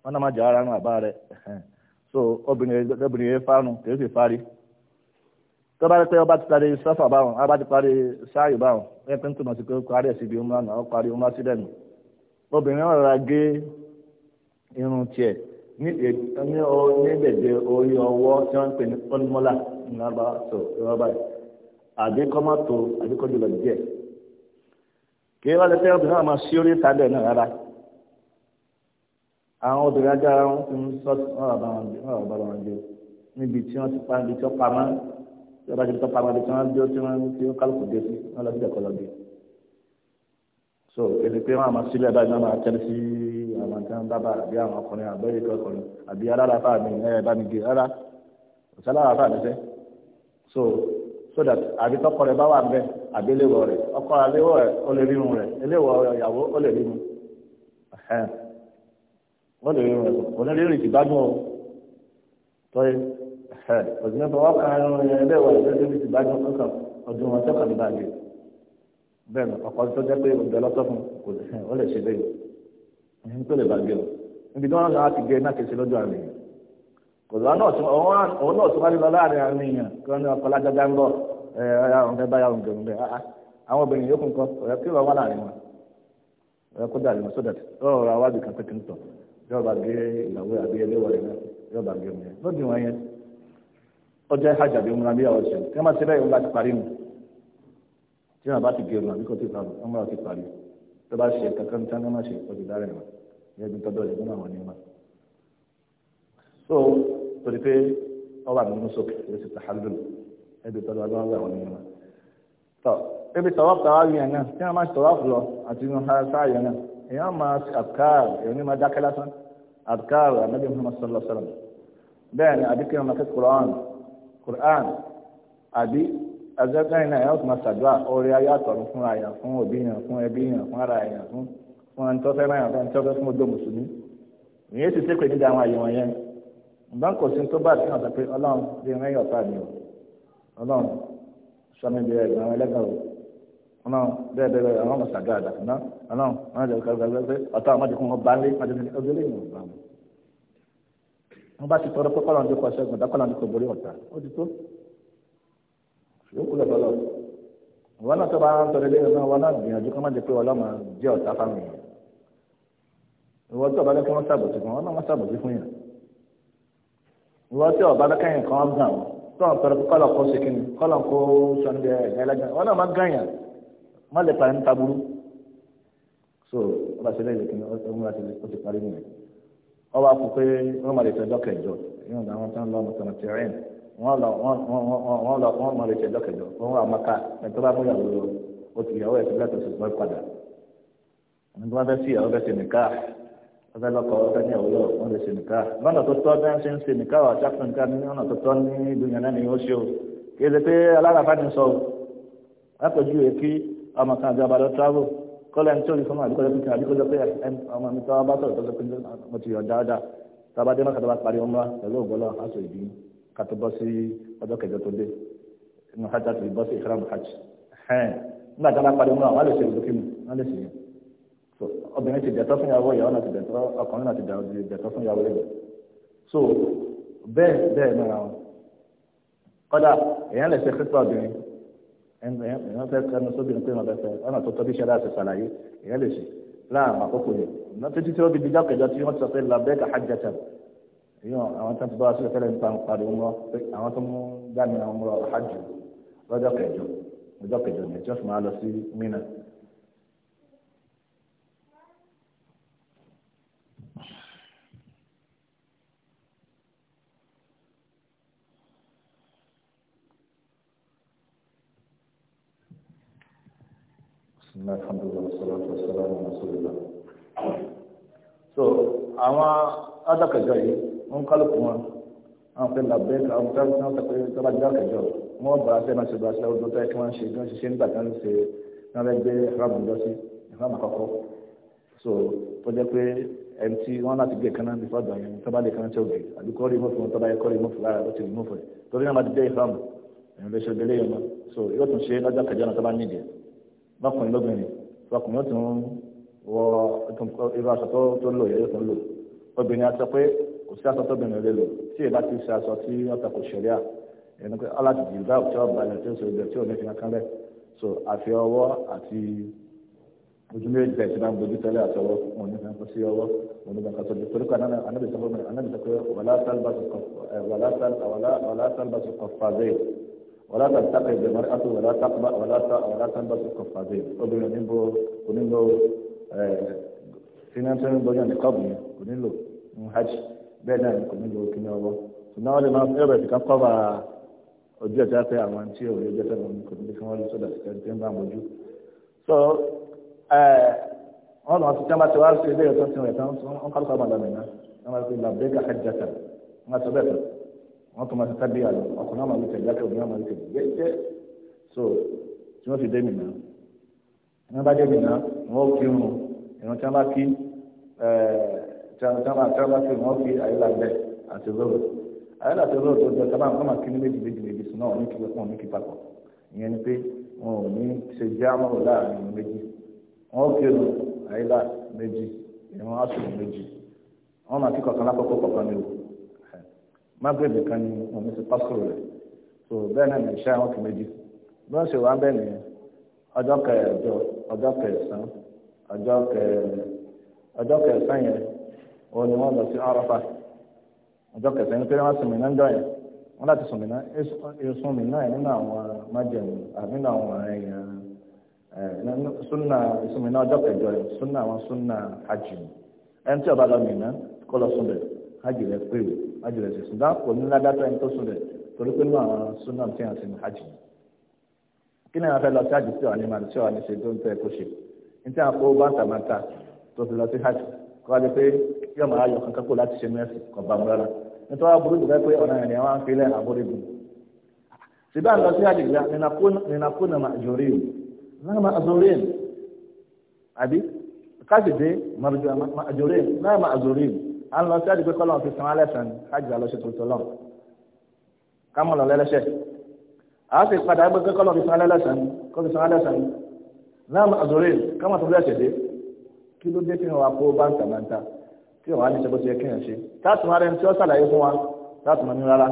wọn náà má ara tó bá rí pé ọba ti parí sáfà báwọn ọba ti parí sáàyè báwọn ẹ pé ń túmọ̀ sí pé ó parí ẹ̀sìn ibi ọmọ àná ó parí ọmọ sílẹ̀ nù obìnrin ọ̀rọ̀ ra gé irun tiẹ̀ ní ìgbẹ̀dẹ̀ orí ọwọ́ tí wọ́n ń pè ní onímọ́là ńlába tó ìwọ́n báyìí àbí kọ́mọ́ tó àbí kọ́jú lọ díẹ̀ kí wọ́n lè fẹ́ obìnrin náà máa ṣí orí ìtàdé náà rárá àwọn obìnrin ajá wọn ti ń sọ́ọ̀tì wọn bàbá wọn jẹ níbi tí wọ́n ti pa níbi tí wọ́n pamọ́ tí ọba ṣe tọ́ pamọ́ ibi tí wọ́n dúró tí wọ́n ti ń kálukú dé sí wọ́n lọ sí ẹ̀kọ́ lọ́dẹ. so èdè pé wọ́n àmọ́ sílẹ̀ báyìí wọ́n máa tẹ́lẹ̀ sí àwọn nǹkan bábà àbí àwọn ọkùnrin àbẹ́yẹ kọkùnrin àbí alárafa mi ẹ̀ bá mi gé rárá òsálárafa mi fẹ́ so so that àbí tọkọ rẹ bá wà bẹ àbí eléwọ rẹ ọkọ aléwọ rẹ ó lè rírun rẹ eléwọ ìyàwó ó lè rírun ó lè rírun rẹ kò ní rírun tọ́yẹ. ọ̀sìn ọ̀pọ̀ wọ́n kan ẹran ẹ̀rẹ́ ọdún wọn bẹ́ẹ̀ ọkọ̀ tó jẹ́ pé fún kò lè ṣe bẹ́ẹ̀ tó lè o níbi tí wọ́n náà ti gé náà kèsì lọ́jọ́ àmì kò lọ́wọ́ náà tún òun náà tún wá lílọ láàrin àmì yàn kí wọ́n ní ọkọ̀ lájájá ń bọ̀ ọjọ́ hajj àbí umra bí àwọn ṣẹlẹ̀ kí wọ́n máa ṣe bẹ́ẹ̀ umra ti parí mu tí wọ́n bá ti gé umra bí kò ti parí umra ti parí tó bá ṣe kankan tí wọ́n máa ṣe ìtọ́jú dára ẹ̀wọ̀n ní ẹbí tọ́jú ọ̀yẹ́ nínú àwọn onímọ̀. so torí pé ọba mi mú sókè ló ti tàhálùlù ẹbí tọ́jú ọlọ́wọ́ àwọn onímọ̀. tọ́ ebi tọ́wọ́ tàwa yẹn náà tí wọ́n máa ṣe tọ́wọ́ lọ àti inú ha sáà yẹn náà èèyàn máa ṣe àbkáàr èèyàn ní máa dákẹ́ lásán àbkáàr ànábì Muhammad sallallahu alaihi wa sallam bẹ́ẹ̀ ni àdìkẹ́ ọmọ akẹ́kọ̀ọ́ Quran àbí azẹ́gbẹ́rin náà na máa ṣàdúrà orí ayé àtọ̀run fún fún òbí yàn fún ẹbí yàn fún ara yàn fún fún ẹni tó fẹ́ yàn fún ẹni tó tó bá pé ọlọ́run bí ọ̀tá o ọlọ́run sọmi àwọn ẹlẹ́gbẹ̀rún ọlọ́run bẹ́ẹ̀ bẹ́ẹ̀ bẹ́ẹ̀ ọlọ́run ọ̀tá ọmọdé ọ wọ́n bá ti tọrọ pé kọ́lọ̀ ní kò ṣẹ́gun dá kọ́lọ̀ ní kò borí ọ̀tá ó ti tó yókù lọ́dọ̀ lọ ìwọ náà tó bá ń tọrọ lẹ́yìn náà wọn náà gbìyànjú kọ́ máa jẹ pé ọlọ́mọ jẹ́ ọ̀tá fáwọn èèyàn ìwọ tó bá lẹ́kọ́ wọn ṣàbòsí fún wọn náà wọn ṣàbòsí fún yàn ìwọ tó ọba lẹ́kẹ́yìn kan gàn wọn tó gàn yàn má lè parí ń taburú so ọba ṣẹlẹ̀ ìlẹ̀kìn ọmọ wọ́n wá kó pé wọ́n máa lè tẹ̀jọ́ kẹjọ yóò dá wọn tán lọ ọmọ tọ̀nà tẹ̀rẹ́ẹ̀n wọ́n lọ wọ́n máa lè tẹ̀jọ́ kẹjọ wọ́n wá maka ẹni tó bá mú ìyàwó lọ ó ti ìyàwó ẹ̀ sílẹ̀ tó sì gbọ́ padà ẹni tó bá fẹ́ sí ìyàwó fẹ́ sí nìka ọfẹ́ lọ́kọ̀ ọfẹ́ ní ìyàwó wọ́n lè sí nìka lọ́nà tó tọ́ bẹ́ẹ̀ ṣe ń ṣe nìka wà sáfún nìka ní ọ̀nà tó tọ́ kọ́lá ẹni tí ó rí sọ́mọ́ àdúgbò lẹ́kùnkùn àbíkó lọ pé ọmọ mi tọ́ bá sọ̀rọ̀ tọ́jú pé mo ti yọ̀ dáadáa tába dé mọ́kàtà bá parí ọmọ pẹ̀lú ògbọ́lọ́ aṣọ ìbí ká tó bọ́ sí ọjọ́ kẹjọ tó dé inú hajj àti bọ́ sí ìhram hajj ẹ̀hẹ́n nígbà tí wọ́n bá parí ọmọ àwọn lè ṣe ìdókè mi wọ́n lè ṣe yẹn so obìnrin ti so bẹ́ẹ̀ bẹ́ẹ̀ mọ́ra wọn kọ́dà èèyàn lè èèyàn fẹ́ kánú sóbì ní pé wọn fẹ́ ọ̀nà tó tọ́ bí ṣẹlá ṣe ṣàlàyé èèyàn lè ṣe láàrin àkókò yẹn ọ̀nà títí tí ó di bí jákèjọ tí wọ́n ti sọ pé labẹ́ka hajjata èèyàn kẹjọ lọ́jọ́ kẹjọ ní ẹjọ́ fún wa lọ sí Mínà
بسم الله الحمد لله والصلاة
والسلام على رسول الله so àwọn adákẹjọ yìí ń kálukú wọn àwọn fẹẹ làbẹ àwọn fẹẹ náà tẹpẹ tọba jẹ àkẹjọ wọn bá fẹẹ máa ṣe bá ṣe ọdún tó yẹ kí wọn ṣe bí wọn ṣe ṣe nígbà tí wọn ṣe náà lẹ gbé ìfúnàmù lọ sí ìfúnàmù àkọ́kọ́ so tó jẹ pé ẹni tí wọn láti gbé kaná bí fọdọ yẹn tọba lè kaná tí ó gbé àdúgbò rí mọfù tọba yẹ kọ rí mọfù lára ó ti rí mọfù rẹ torí náà láti gbé ìfúnàmù ẹni lè ṣe lọ́kùnrin lóbìnrin lọ́kùnrin ó ti ń wọ irú aṣọ tó lò yẹ yóò tó lò obìnrin aṣọ pé kò sí aṣọ tóbìnrin lè lò tí èyí bá ti ṣe aṣọ tí wọ́n tako ṣẹ̀ríà ẹni pé aláàtì jìlbá tí wọ́n balẹ̀ tí ó ṣe ibẹ̀ tí ò ní fi kankan lẹ̀ so àfi ọwọ́ àti ojú méjì bẹ̀rẹ̀ sí máa ń bójú àti ọwọ́ wọn ní kankan sí ọwọ́ wọn ní kankan sọ́jú torí kan anábìsọ pé wàlá sálbàṣù kọfà zẹ́yìn wàlá tàbí ìjọba àti wàlá tàbá wàlá tà wàlá tàbá tó kọ fàdé obìnrin onígbò onígbò ẹ sinanṣẹ onígbòyàn ní kọọbù yẹn kò nílò ń hajj bẹ́ẹ̀ náà kò nílò kíní ọwọ́ ṣùgbọ́n wọn lè máa fẹ́ bẹ̀rẹ̀ kan kọ́ba ojú ẹ̀jẹ̀ pé àwọn tí òwe ojú ẹ̀jẹ̀ wọn kò nílò kí wọ́n lè sọ̀dọ̀ síkẹ́ tí ń bá wọn ojú. so wọn lọ sí tábà tí wàá ṣe ilé ìtọ́sí rẹ̀ tán wọn kọ́ wọ́n tó máa ti tábìlì àlọ́ ọkùnrin àmàlú tẹ̀lé láti obìnrin àmàlú tẹ̀lé jẹ́jẹ́ so tí wọ́n fi dé mìíràn tí wọ́n bá dé mìíràn wọ́n fi hùn ìran tí wọ́n bá fi eh, tí wọ́n bá fi wọ́n fi àyílá bẹ́ àti lóru àyílá àti lóru tó jọ sábà nǹkan máa kí ní méjì méjì méjì sùn náà ní kí wọ́n ní kí papọ̀ ìyẹn ni pé wọn ò ní ṣe jẹ́ àmọ́rò láàrin méjì wọ́n fi hùn àyílá méjì ìran aṣọ méjì wọ́n máa kí kọ̀ọ̀kan lápapọ̀ kọ̀ọ̀kan magreth kan ni wọn ní ti rẹ so bẹ́ẹ̀ náà ní iṣẹ́ àwọn kì méjì bí wọ́n ṣe wá bẹ́ẹ̀ ni ọjọ kẹjọ ọjọ kẹsàn ọjọ ọjọ́ yẹn òun ni lọ sí yẹn sùn mí náà ń yẹn láti sùn mí náà mí náà nínú àwọn májèmú sunna mí náà sunna àwọn ọba lọ mí náà hajj rẹ pé o hajj rẹ sì ṣùgbọ́n kò ní ládàtọ̀ ẹni tó sùn rẹ torí pé náà súnà tí a ti ní hajj kí ni àwọn fẹ́ lọ sí hajj tí wà ní màdì tí wà ní ṣe tó ń tẹ́ kó ṣe ní tí àwọn kó bá ń tàmátà tó fi lọ sí hajj kó wá di pé yóò máa yọ kankan kó láti ṣe mẹ́sì kò bá mu rárá nítorí wọn burú jùlọ pé ọ̀nà ìrìn àwọn afẹ́lẹ́ àbúrò ìbùn ṣùgbọ́n lọ sí hajj gbà nínàkúnà àjòrí o máa àjòrí náà máa à ń lọ sí àdìgbé kọ́lọ́n fi san alẹ́ sàn kájìlá lọ sí tòótọ́ lọ kámọ́ lọ lẹ́lẹ́sẹ̀ à á sì padà gbé kọ́lọ́n fi san alẹ́ sàn kó fi san alẹ́ sàn náà àzọ̀rẹ́ kámọ́ tó bẹ́ẹ̀ ṣẹ̀dẹ́ kí ló dé fihàn wa kó báńtà báńtà kí wàá ní sẹ́kọ́ ti yẹ kéèyàn ṣe táàtù máa rẹ ní tí ó sàlàyé fún wa táàtù máa ní rárá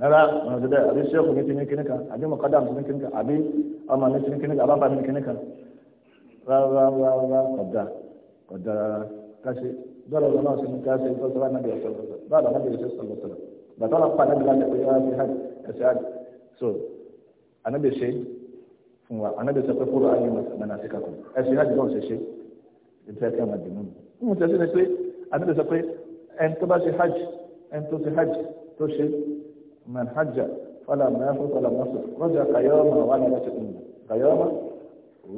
rárá ọ̀nà tó dẹ̀ àbí sẹ́kù ní kíní kíní kan àbí mọ̀kádà ní kíní kan àbí ọmọ ní kíní kíní kan àbábà ní kíní kan rárá rárá kódà kódà rárá káṣí ضرب الله سبحانه وتعالى فصلى النبي صلى الله عليه وسلم ضرب النبي صلى الله عليه وسلم بطلق النبي لا يقول يا في حد أسأل سؤال النبي شيء هو النبي سيقول أي مناسككم أسأل هذا لون شيء إنسان كان مجنون متأسف شيء النبي سيقول أن تباشي حج أن تباشي حج تشي من حج فلا منافق ولا منافق رجع قيامة ولا تكون قيامة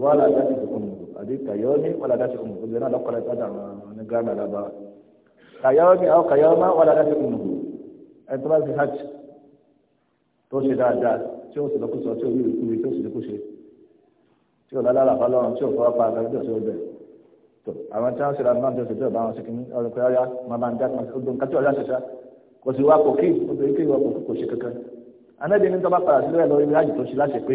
ولا تكون àbí kàyọ́mí wàlá dá sí ọmọ obìnrin náà lọ́kọ̀ọ́lá ìtajà àwọn ní gánà lába kàyọ́mí àwọn kàyọ́má wàlá dá sí ọmọ ẹni tó bá ti hajj tó ṣe dáadáa tí ó sì lọ́kùsọ tí ó rí ìrìkúri tí ó sì lọ́kùsọ tí ó lálẹ́ àlàfà lọ́rùn tí ó fọwọ́ pa àgbà tí ó ṣe ọbẹ̀ tó àwọn tí wọ́n ṣe lànà tó ṣe tó bá wọn ṣe kìíní ọ̀rọ̀ pé ọ̀yá máa bá ń dákan ó dùn kátó ọ̀yá ṣẹṣẹ kò sì wá kò kí ó torí kí ìwọ kò kò ṣe kankan anábìíní tó bá padà sílẹ̀ lọ ilé àjò tó ṣe láṣẹ pé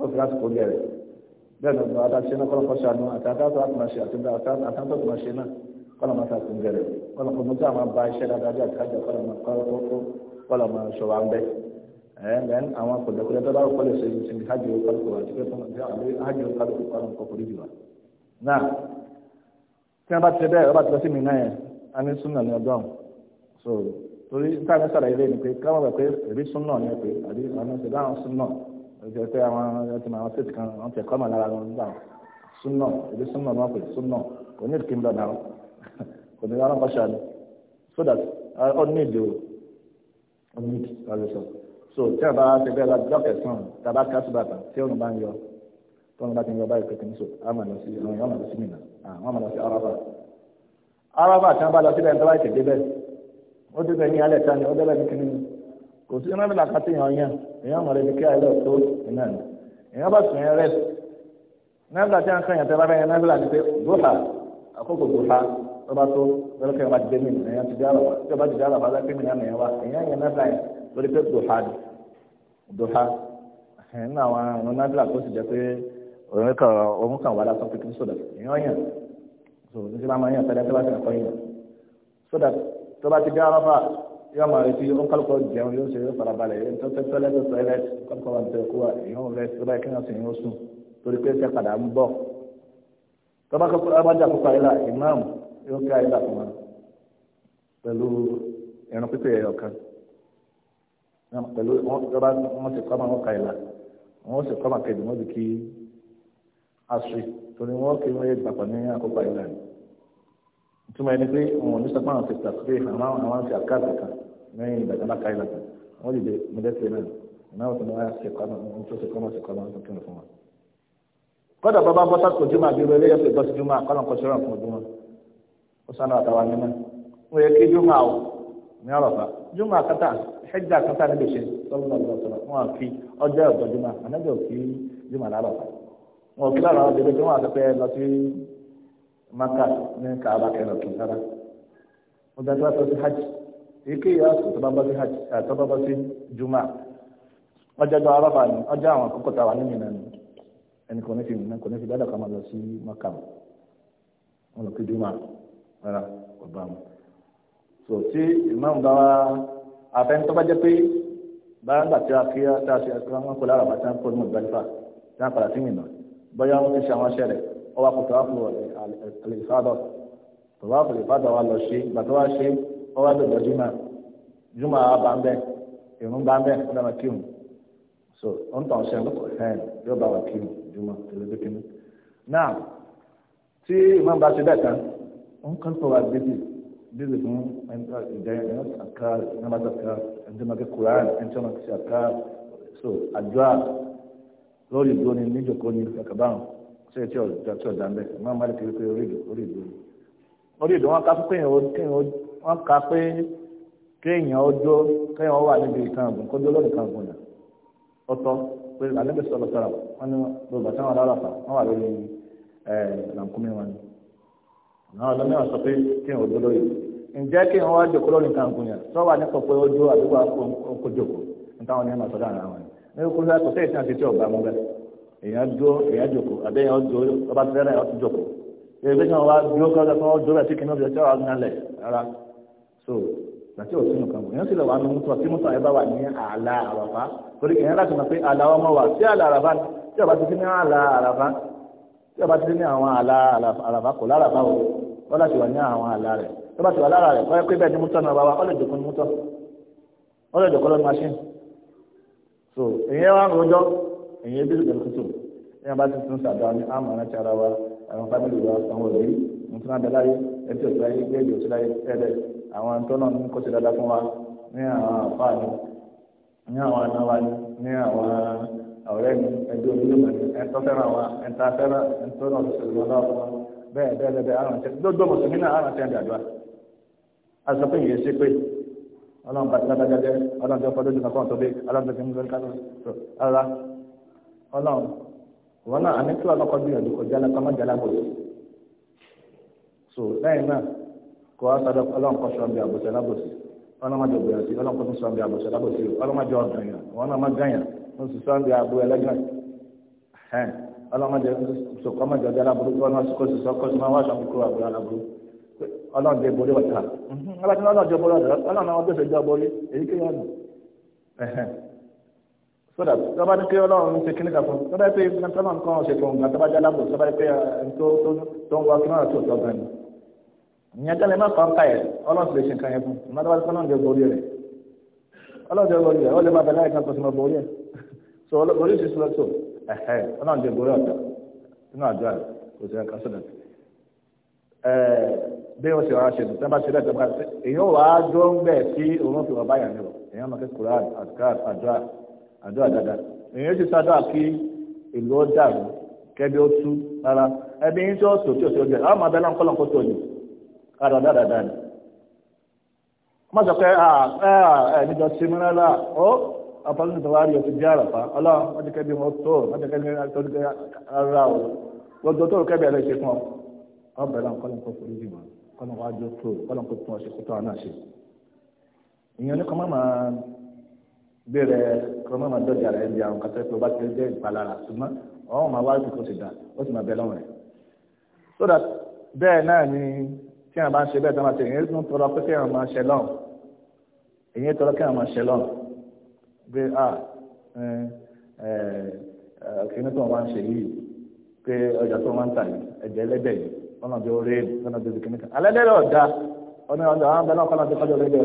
ó fi láti kó gẹ̀rẹ̀ bẹ́ẹ̀ ni ọ̀gbọ̀n adáṣe náà kọ́lọ́kọ́ ṣàánú àtàkàtọ̀ àtúnṣe àtàkàtọ̀ àtúnṣe náà kọ́lọ́mọ ta kún gẹ̀rẹ̀ kọ́lọ́mọ tó àwọn bá iṣẹ́ dáadáa bí àtàkàtọ̀ kọ́lọ́mọ kọ́lọ́mọ ṣọwọ́ à ń bẹ́ ẹ̀ẹ́n àwọn kòlẹ́kọ́lẹ́ tó bá wọ́n kọ́lẹ̀ ṣe ìsinmi hajj kálukú àti pé fún hajj kálukú kọ́lọ́mọ kọ́kọ́lẹ́ jù wá. náà tí wọ́n bá ti bẹ́ẹ̀ ọba ti lọ sí mi náà yẹn a ní súnà ní ọdún so torí táwọn sàlàyé lé ni pé káwọn bẹ̀ pé èrí súnà ni ẹ pé àbí àwọn ṣẹ̀dá àwọn súnà ọjọ́ pé àwọn ọtí màá ṣètì kan wọ́n ti ẹ̀kọ́ mà lára wọn nígbà súnà ebi súnà náà pè súnà kò ní ìdíkì ńlọ náà kò ní wọn kọ́ṣà ni so that ọ ní ìdí o ọ ní ìdí ọ̀rẹ́ sọ so tí a bá ṣe bẹ́ẹ̀ láti dọ́kẹ̀ sàn tá a bá ká síbàtà tí òun bá ń yọ tí òun bá ti ń yọ báyìí pé kì í so àwọn àmàlà sí àwọn àmàlà sí mìíràn àwọn àmàlà sí araba araba tí wọn bá lọ síbẹ̀ ń tọ́ báyìí tẹ̀ débẹ̀ ó débẹ̀ ní alẹ́ tani kò sí nábìlà kátó yàn yàn èèyàn mọ̀lẹ́ ní kí àìlọ́ tó iná ni èèyàn bá sùn yẹn rẹ̀ nábìlà tí a ń kàn yàn tẹ́ bá fẹ́ yẹn nábìlà ni pé dóhà àkókò dóhà tó bá tó lọ́dọ̀ kẹ́yìn bá ti dé mìíràn èèyàn ti dé àlọ́ tí ọba ti dé àlọ́ bá lẹ́pẹ́ mìíràn nìyẹn wa èèyàn yẹn nábìlà yẹn lórí pé dóhà ni dóhà ẹ̀hìn náà àwọn àwọn nábìlà tó sì jẹ́ pé òun kàn wá lásán yóò máa retí ó kálukọ jẹun yóò ṣe yóò fara balẹ̀ yóò tó tẹ́ tọ́lẹ̀ tó tọ́lẹ̀ kálukọ máa tẹ kó wa èèyàn rẹ tó báyìí kí wọ́n sì yóò sùn torí pé ṣe padà ń bọ̀ tọ́ba kọ́kọ́ abájá kọ́kọ́ ayélujára ìmáàmù yóò kí ayélujára fún wa pẹ̀lú ìrun pípé ẹ̀yọ̀ kan pẹ̀lú tọ́ba wọ́n ti kọ́ máa wọ́n ka ìlà wọ́n sì kọ́ máa kẹ́dùn wọ́n ti kí asri torí wọ́n kí wọ́n yé gbàgbọ́ ní àkókò ayélujára ìtumọ̀ ẹni pé wọn ní sọpọ́n àti tàbí àwọn àwọn àti àkáàtì kan lẹ́yìn ìgbà kan láka ìlànà wọ́n lè dé mọ́lẹ́sẹ̀ náà ìnáwó tó ní wáyà ṣe kọ́ náà wọ́n tó ṣe kọ́ náà ṣe kọ́ náà tó kírun fún wọn. kọ́dà bàbá bọ́ sàkó jùmọ̀ àbí wọlé yẹn fi bọ́ sí jùmọ̀ àkọ́nà kọ́ sọ́rọ̀ fún ojúmọ́ ó sànà àtàwọn ní mọ́ wọ́n yẹ kí jùmọ̀ àwọ̀ ní àròfà jùmọ̀ àkátà ṣẹ́jà àkátà níbi ṣe sọ́dọ̀ lọ́sọ̀rọ̀ wọn maka ní kaaba ẹ̀rọ tó sára ó dájú wá sọ sí hajj èké yìí àsùn tó bá bọ́ sí hajj tó bá bọ́ sí juma ọjọ́ ọjọ́ arábà ni ọjọ́ àwọn àkókò tá a wà nínú ni ẹni kò ní fi mìíràn kò ní fi dáadáa kan máa lọ sí maka wọn lọ kí juma rárá kò bá wọn. so tí ìmáàmù bá wa àfẹn tó bá jẹ pé báyà ńgbà tí a kí tá a ṣe ẹ̀kọ́ wọn kó lára bàtà ń kó ní mọ̀gbálífà tí wọn padà sí mìíràn ti ṣe àwọn aṣẹ rẹ̀ ọba kò tọ́wá fún àlèfádọ́ tọ́wá fún àlèfádọ́ wa lọ ṣe ìgbà tó wá ṣe ọba dọ̀dọ̀ jùmọ̀ jùmọ̀ àwa bá ń bẹ́ ìrún bá ń bẹ́ ó dára kírun so ó ń tàn ṣe lọ́kọ̀ ẹ̀ yóò bá wa kírun jùmọ̀ tẹ̀lé bí kínní. náà tí ìmọ̀ bá ṣe bẹ́ẹ̀ tán ó ń kọ́ tó wa bíbí bíbí fún ìjẹ́ àká nàbàtà àká ẹ̀ńtẹ́mọ̀kẹ́ kùrán ẹ̀ńtẹ́mọ̀kẹ́ àká so àdúrà lórí ni níjòkó ni ṣé tí ọ̀dà tí ọ̀dà ń bẹ̀ máa má lè kiri pé orí ìdò orí ìdò orí ìdò wọn ká pé wọn ká pé kéèyàn ọjọ́ kéèyàn wà níbi ìkàngùn kọjọ́ lọ́dún ìkàngùn náà ọtọ pé alẹ́bẹ̀ sọ̀rọ̀ sọ̀rọ̀ wọn ni wọn bàtà wọn lára fà wọn wà lórí làǹkúmí wọn ni àwọn ọlọ́mọ náà sọ pé kéèyàn ọjọ́ lórí ǹjẹ́ kéèyàn wá jòkó lọ́dún ìkàngùn yẹn sọ wà nípa pé ọjọ́ àdúgbò àkójòkó nítawọn ní ẹ̀ máa sọ dáhùn àwọn ni ní kúrú èèyàn dúró èèyàn jòkó àbẹ́yẹn ọjọ́ ọba ti fẹ́ràn ọtí jòkó ẹgbẹ́ náà wá dúró kọ́ńtà fún ọjọ́ rẹ̀ tí kìnnìún ọjọ́ tí wọ́n á nálẹ̀ rárá so láti o sínú kan èèyàn sì lọ wà nù mú tó ọtí mú tó àyẹ̀bá wà ní àlà àràfá torí kìnnìún láti mọ̀ pé àlà ọmọ wà sí àlà àràfá tí ọba ti fi ní àlà àràfá tí ọba ti fi ní àwọn àlà àràfá kò láràfá o wọ́n láti wà ní àwọn àlà rẹ̀ tó bá ti wà lára rẹ̀ kọ́ ẹ pé bẹ́ẹ̀ ni mútọ́ náà bá wa ọlẹ́ ìdòkó ni mútọ́ ọlẹ́ ìdòkó lọ́nu maṣín so èèyàn wá ń rojọ́ e bí ìgbàlù tó ní abá ti tún sàdá ní àmà náà tara wa àwọn fámìlì wa àwọn òbí nǹkan adáláyé ẹtí òtún láyé bí ẹjọ òtún láyé tẹ́lẹ̀ àwọn ń dáadáa fún wa ní àwọn àfáà ni ní àwọn wa ni ní àwọn ọ̀rẹ́ ẹgbẹ́ ni ẹ̀ńtọ́ fẹ́ràn wa ẹ̀ńtà fẹ́ràn fún wa bẹ́ẹ̀ bẹ́ẹ̀ bẹ́ẹ̀ àrùn àrùn ọlọ́run wọn náà àmì tí wọn lọ́kọ́ gbìyànjú kọjá so lẹ́yìn náà kó wá sọ́dọ̀ ọlọ́run kọ́ sọ́ọ́ bí àbòsí lábòsí ọlọ́mọdé òbíyàn sí ọlọ́run kọ́ sọ́ọ́ bí àbòsí lábòsí ọlọ́mọdé ọ̀dàn wọn náà má ó sì sọ́ọ́ bí àbò ẹlẹ́gàn sódà tó bá ní pé ọlọ́run ń ṣe kíní kan fún tó bá pé tọ́lọ̀ nǹkan ọ̀sẹ̀ fún ọ̀gá tó bá já lábò tó bá pé eh, tó ń wá kí náà tó tọ́gbà ni ìyẹn tẹ́lẹ̀ má fà ń ka yẹ ọlọ́run lè ṣe nǹkan yẹn fún ìmọ̀ tó bá tọ́lọ̀ ń jẹ borí rẹ̀ ọlọ́run jẹ borí rẹ̀ ó lè má bẹ̀rẹ̀ kan tó ti mọ borí ẹ̀ so orí ti sọ tó ẹ̀hẹ́ ọlọ́run jẹ borí ọ̀tọ̀ àdúrà dáadáa èyàn ti sádùá kí ìlú ó dàrú kẹbi ó tú rárá ẹbí yín tí ó tò tí ọjà àwọn máa bẹ láǹkọ́ láǹkọ́ tó yìí kára dáadáa ni má sọ pé sí ó rí ọtí ọlọ́run wọ́n ti kẹ́bi wọn tó wọ́n ti kẹ́bi o gbogbo tó kẹ́bi ẹ̀rẹ́ ṣe fún ọ ọ bẹ̀rẹ̀ tó ṣe bẹ̀rẹ̀ kọ́mọ́ máa dọ́jà rẹ̀ bí àwọn kátó ẹ̀kọ́ bá ti jẹ́ ìpalára ṣùgbọ́n ọ̀hún máa wá ìkókó ti dà ó sì máa bẹ lọ́rùn rẹ̀. so that bẹ́ẹ̀ náà ni tí àwọn bá ń ṣe bẹ́ẹ̀ tó máa ṣe èyí tún tọrọ pé kéèyàn máa ṣe lọ́rùn èyí tọrọ kéèyàn máa ṣe lọ́rùn pé a kìíní tó máa ń ṣe yìí pé ọjà tó máa ń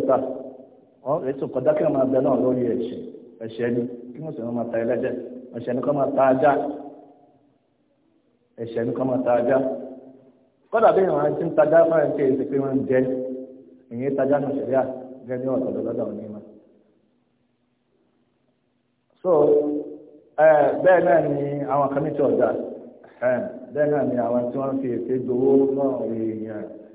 tà ọ ètò kọjá kí wọn máa bẹ náà lórí ẹ̀ṣẹ̀ ẹ̀ṣẹ̀ ni kí wọn sì máa ta ẹlẹ́jẹ̀ ẹ̀ṣẹ̀ ni kọ́ máa ta ajá ẹ̀ṣẹ̀ ni kọ́ máa ta ajá kọ́dà bí wọn ti ń tajà fáwọn ẹ̀ṣẹ̀ èsì pé wọ́n ń jẹ ìyẹn tajà náà ṣẹlẹ̀ àgẹ́ ní ọ̀tọ̀ lọ́dọ̀ òní ma. so bẹ́ẹ̀ náà ni àwọn kan ní ti ọ̀dà bẹ́ẹ̀ náà ni àwọn tí wọ́n fi ètè gbowó náà èèyàn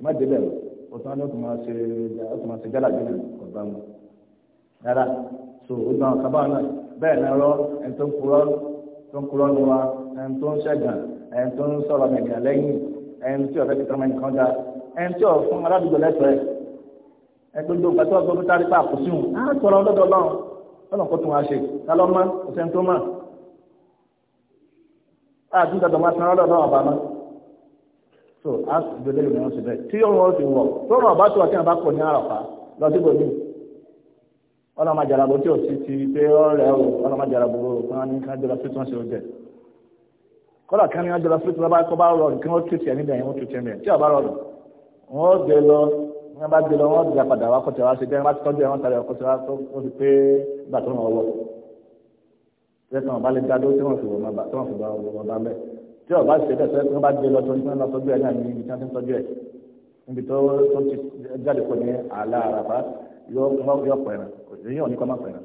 má débẹ̀ o o tún á ní o tún máa ṣe o tún máa ṣe jálà jùlọ ọ̀gá mu rárá so o gbà wọn kábàá náà bẹ́ẹ̀ náà rọ ẹni tó ń kúrọ́ tó ń kúrọ́ nu wa ẹni tó ń ṣẹ̀gàn ẹni tó ń sọ̀rọ̀ mẹ̀gàn lẹ́yìn ẹni tí ọ̀fẹ́ kíkan mẹ́rin kan dá ẹni tí ọ̀ fún aládùúgbò lẹ́tọ̀ẹ́ ẹgbẹ́gbẹ́ ògbà tó ọgbọ́n tó tarí pa àkùsùn á sọ̀rọ̀ lọ́dọ̀ ọlọ́run ọlọ́run kó tún wá ṣe kálọ́ mọ́ òṣèǹtó so a gbẹdẹ ìlú wọn sì bẹ tí yóò wọn sì wọ tọrọ ọba tó wà kí wọn bá kọ ní àràpá lọ sí gbòmí ọlọmọ àjàràbọ tí ò sí ti pé ọ̀rẹ́ o ọlọmọ àjàràbọ o kí wọn ní ká jọlọ sí tí wọn sì jẹ kọlá kan ní wọn jọlọ sí tí wọn bá kọ bá rọ kí wọn tún tiẹ̀ níbẹ̀ yẹn wọn tún tiẹ̀ níbẹ̀ tí wọn bá rọ wọn gbé lọ wọn bá gbé lọ wọn gbé padà wá kọtẹ wá sí bẹ́ẹ̀ wọn ti tọ́jú ẹ wọn tàbí ọkọtẹ wá tó wọn ti pé bàtọ wọn wọ tẹsán tí ọba ṣe tẹsẹ tí wọn bá gbé lọ tó ń tán lọ tọ́jú ẹ náà ní ibi tí wọn ti ń tọ́jú ẹ níbi tó tó ti jáde kó ní àlà àràbá yọ pẹ̀rẹ̀ èyí ò ní kọ́ má pẹ̀rẹ̀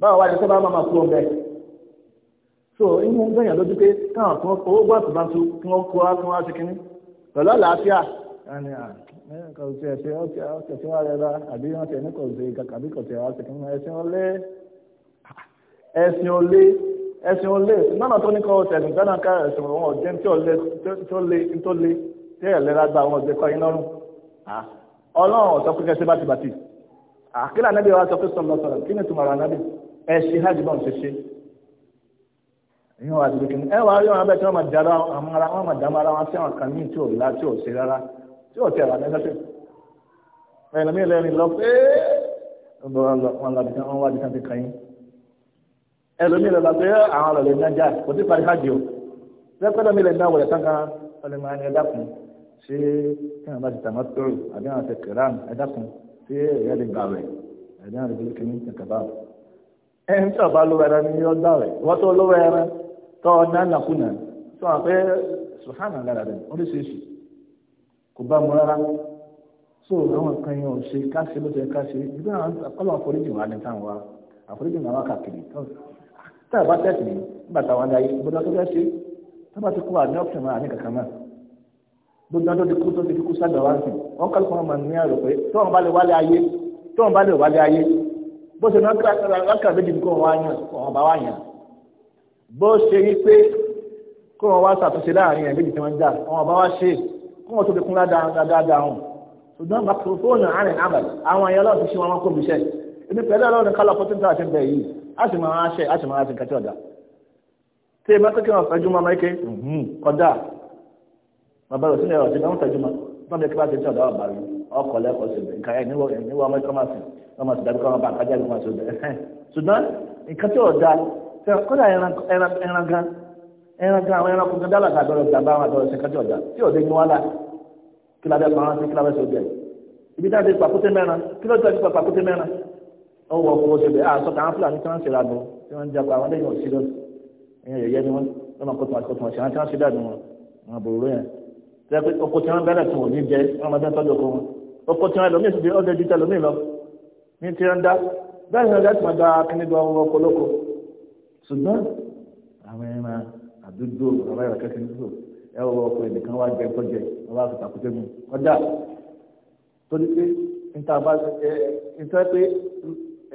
báwo wá ní sọ́ba máa kú ọbẹ̀ so inú ń gbẹ̀yàn lójú pé káwọn tó owó gbọ́ àtúbá tó kí wọ́n kó wá kí wọ́n á ṣe kínní pẹ̀lú àlàáfíà ẹni à kò tiẹ̀ ṣe ọ̀kẹ́ tí àbí wọ́n tiẹ̀ ní kàkàbí kò tiẹ̀ wá ṣe kínní ẹ̀sìn ẹ̀sìn ò lè nánà tó ní kọ́ ẹ̀sìn gánà ká ẹ̀sìn wọn ọ̀jẹ́ tí ò lè tó lè tó lè tí ẹ̀ lẹ́la gba àwọn ọ̀jẹ́ kọ́ yín lọ́rùn ọlọ́run ọ̀sọ́ pé kẹsẹ́ bàtìbàtì àkílà anábì wa sọ pé sọ lọ́sọ̀rọ̀ kí ni tùmọ̀ rà anábì ẹ̀sìn hajj bọ́n ṣe ṣe ìyẹn wà dùdú kìnnìkan ẹ wà á rí wọn abẹ́ tí wọ́n máa dára àwọn ara wọn máa dámọ́ ara wọn sí àwọn kan míì tí ò la tí ò ṣe rárá tí ò tẹ̀ rà lẹ́sẹ̀ ẹ̀rọ mi lẹ́rìn lọ pé wọ́n lọ bí wọ́n wá bí wọ́n ti yín ẹlòmíì lọ́la pé àwọn ọ̀rọ̀ lè ní ajá kò sí parí hajj o lẹ́pẹ́lẹ́ mi lè ní àwọ̀lẹ̀ tán kan ọ̀lẹ́ máa ní ẹ̀dá kun ṣé kí wọn bá ti tàmọ́ tó àbí wọn ti kẹrán ẹ̀dá kun ṣé ẹ̀yà lè gbà rẹ̀ ẹ̀dá rẹ̀ bí kìíní ti kàbá. ẹ ń tọ́ bá lówó ẹran ní ọgbà rẹ̀ wọ́n tó lówó ẹran tọ́ nánàkúnà tó wọn pé sùhánà lára rẹ̀ oríṣiríṣi kò bá mu rárá so àwọn kan yẹn ò ṣe káṣe ló ṣe káṣe ìgbà àwọn akọ́lọ́ àforíjì wà ní táwọn wa àforíjì náà wà káàkiri tá a bá tẹ̀sí ní nígbà táwọn adáyé gbọdọ̀ tó fẹ́ ṣe tó bá ti kú àní ọ̀pẹ̀ máa ní kankan máa gbọdọ̀ tó ti kú tó ti fi kú sábà wá sí wọn kálukú wọn máa ní àrò pé tó wọn bá lè wálé ayé tó wọn bá lè wálé ayé bó ṣe náà kà méjì kó wọn wá yàn wọn bá wá yàn bó ṣe rí pé kó wọn wá ṣàtúnṣe láàrin ẹ̀ méjì tí wọ́n dà wọn bá wá ṣe kó wọn tó fi kún ládàá hàn ṣùgbọ́n wọn kó a sì máa ṣe a sì máa ṣe nǹkan tí ọ̀dà tí ẹ bá tó kí wọn fẹjú mọ mẹkẹ mhm. ọdà bàbá rẹ sílẹ̀ ọ̀sẹ̀ náà fẹjú mọ náà bẹ kí wọn ṣe tí ọ̀dà wà bàrí ọkọ̀ lẹ́kọ̀ọ́ sí nǹkan ẹ̀ níwọ̀ níwọ̀ ọmọ ẹ̀kọ́ máa sìn ọmọ sì dábí kọ́ ọmọ bá kájà ló máa sọ bẹ́ẹ̀ [laughs] ṣùgbọ́n nǹkan tí ọ̀dà kọ́dà ẹran gan ẹran gan àwọn ẹranko gan dálà àgbẹ̀rẹ̀ gbàgbà àwọn àgbẹ̀rẹ̀ ó wọ owó ṣe bẹ́ẹ̀ àṣọ táwọn fúlàní tí wọ́n ń ṣe lànà tí wọ́n ń jagun àwọn lẹ́yìn òṣìṣẹ́ ìyẹn yẹ̀yẹ́ ni wọ́n lọ́mọ kó tún àti kó tún ọ̀ṣẹ́ wọn tí wọ́n ṣe dànù wọn wọn bòrò yẹn tẹ́ pé oko tí wọ́n bẹ̀rẹ̀ tún ò ní jẹ wọ́n máa tọ́jú oko wọn oko tí wọ́n lòmíì sì fi ọdẹ jíjẹ lòmíì lọ ní tí wọ́n dá bẹ́ẹ̀ ni láti máa da kíní gba ọwọ́ oko lóko ṣùgbọ́n àwọn ẹran àdúgbò àwọn ẹran kẹ́kẹ́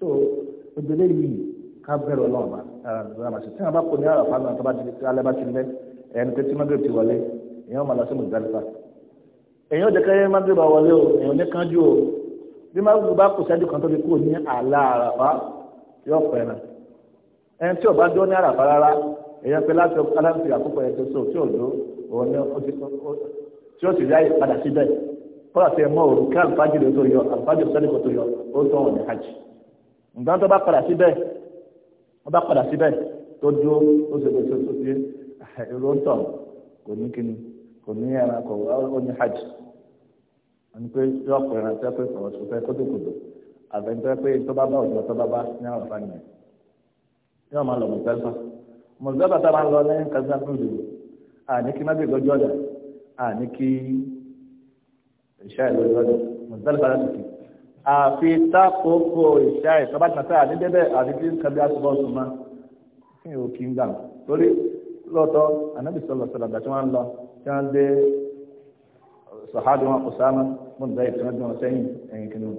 so ògbélé yìí ká bẹ̀rù ọlọ́ọ̀bà ẹ̀rọ̀dàmàṣẹ tí wọn bá kó ní àràfà náà tó bá ti di alẹ́ bá ti lẹ ẹni pé tí magreth ti wọlé èèyàn máa lọ sí mùsùlùmí èèyàn jẹ́ kẹ́yẹ́ magreth bá wọlé o èèyàn ní kánjú o bí magreth bá kù sẹ́jú kan tó fi kú ní àlà àràfà yóò pẹ́ náà ẹni tí ò bá dúró ní àràfà rárá èèyàn pé láti aláǹfì àkókò yẹn tó so tí ò dúró òun ni ó ti tí ó sì rí àyè padà síbẹ̀ kọ́lá tẹ mọ́ òun kí alùpàjì lè tó yọ alùpàjì sọ́dí kò ǹgbọ́n tó bá padà síbẹ̀ wọ́n bá padà síbẹ̀ tó dúró ó ṣe gbèsè tó fi èrò ń tàn kò ní kíni kò ní ẹran kò ó ní hajj wọ́n ní pé yóò pè ẹran tẹ́ pé ọ̀rọ̀ tó fẹ́ kótókòtò àbẹ̀ntẹ́ pé tó bá bá òjò tó bá bá ní àwọn ìfàní yẹn yóò máa lọ mọ̀tẹ́lifà mọ̀tẹ́lifà tá a máa lọ ní kazinakulu àní kí mábì lọ́jọ́ ọ̀dà àní kí àfi tákòókò ìṣá ìṣọba ìṣàtà àdídẹ́bẹ̀ àti tí nǹkan bí aṣọ bọ́ọ̀sù máa kí o kí n gbà lórí lọ́tọ́ anábì sọ̀rọ̀ sọ̀rọ̀ àgbà tí wọ́n ń lọ tí wọ́n dé sọ̀hádì wọn Usama bọ́n dáyé tí wọ́n dé wọn sẹ́yìn ẹ̀yìn kìnnìún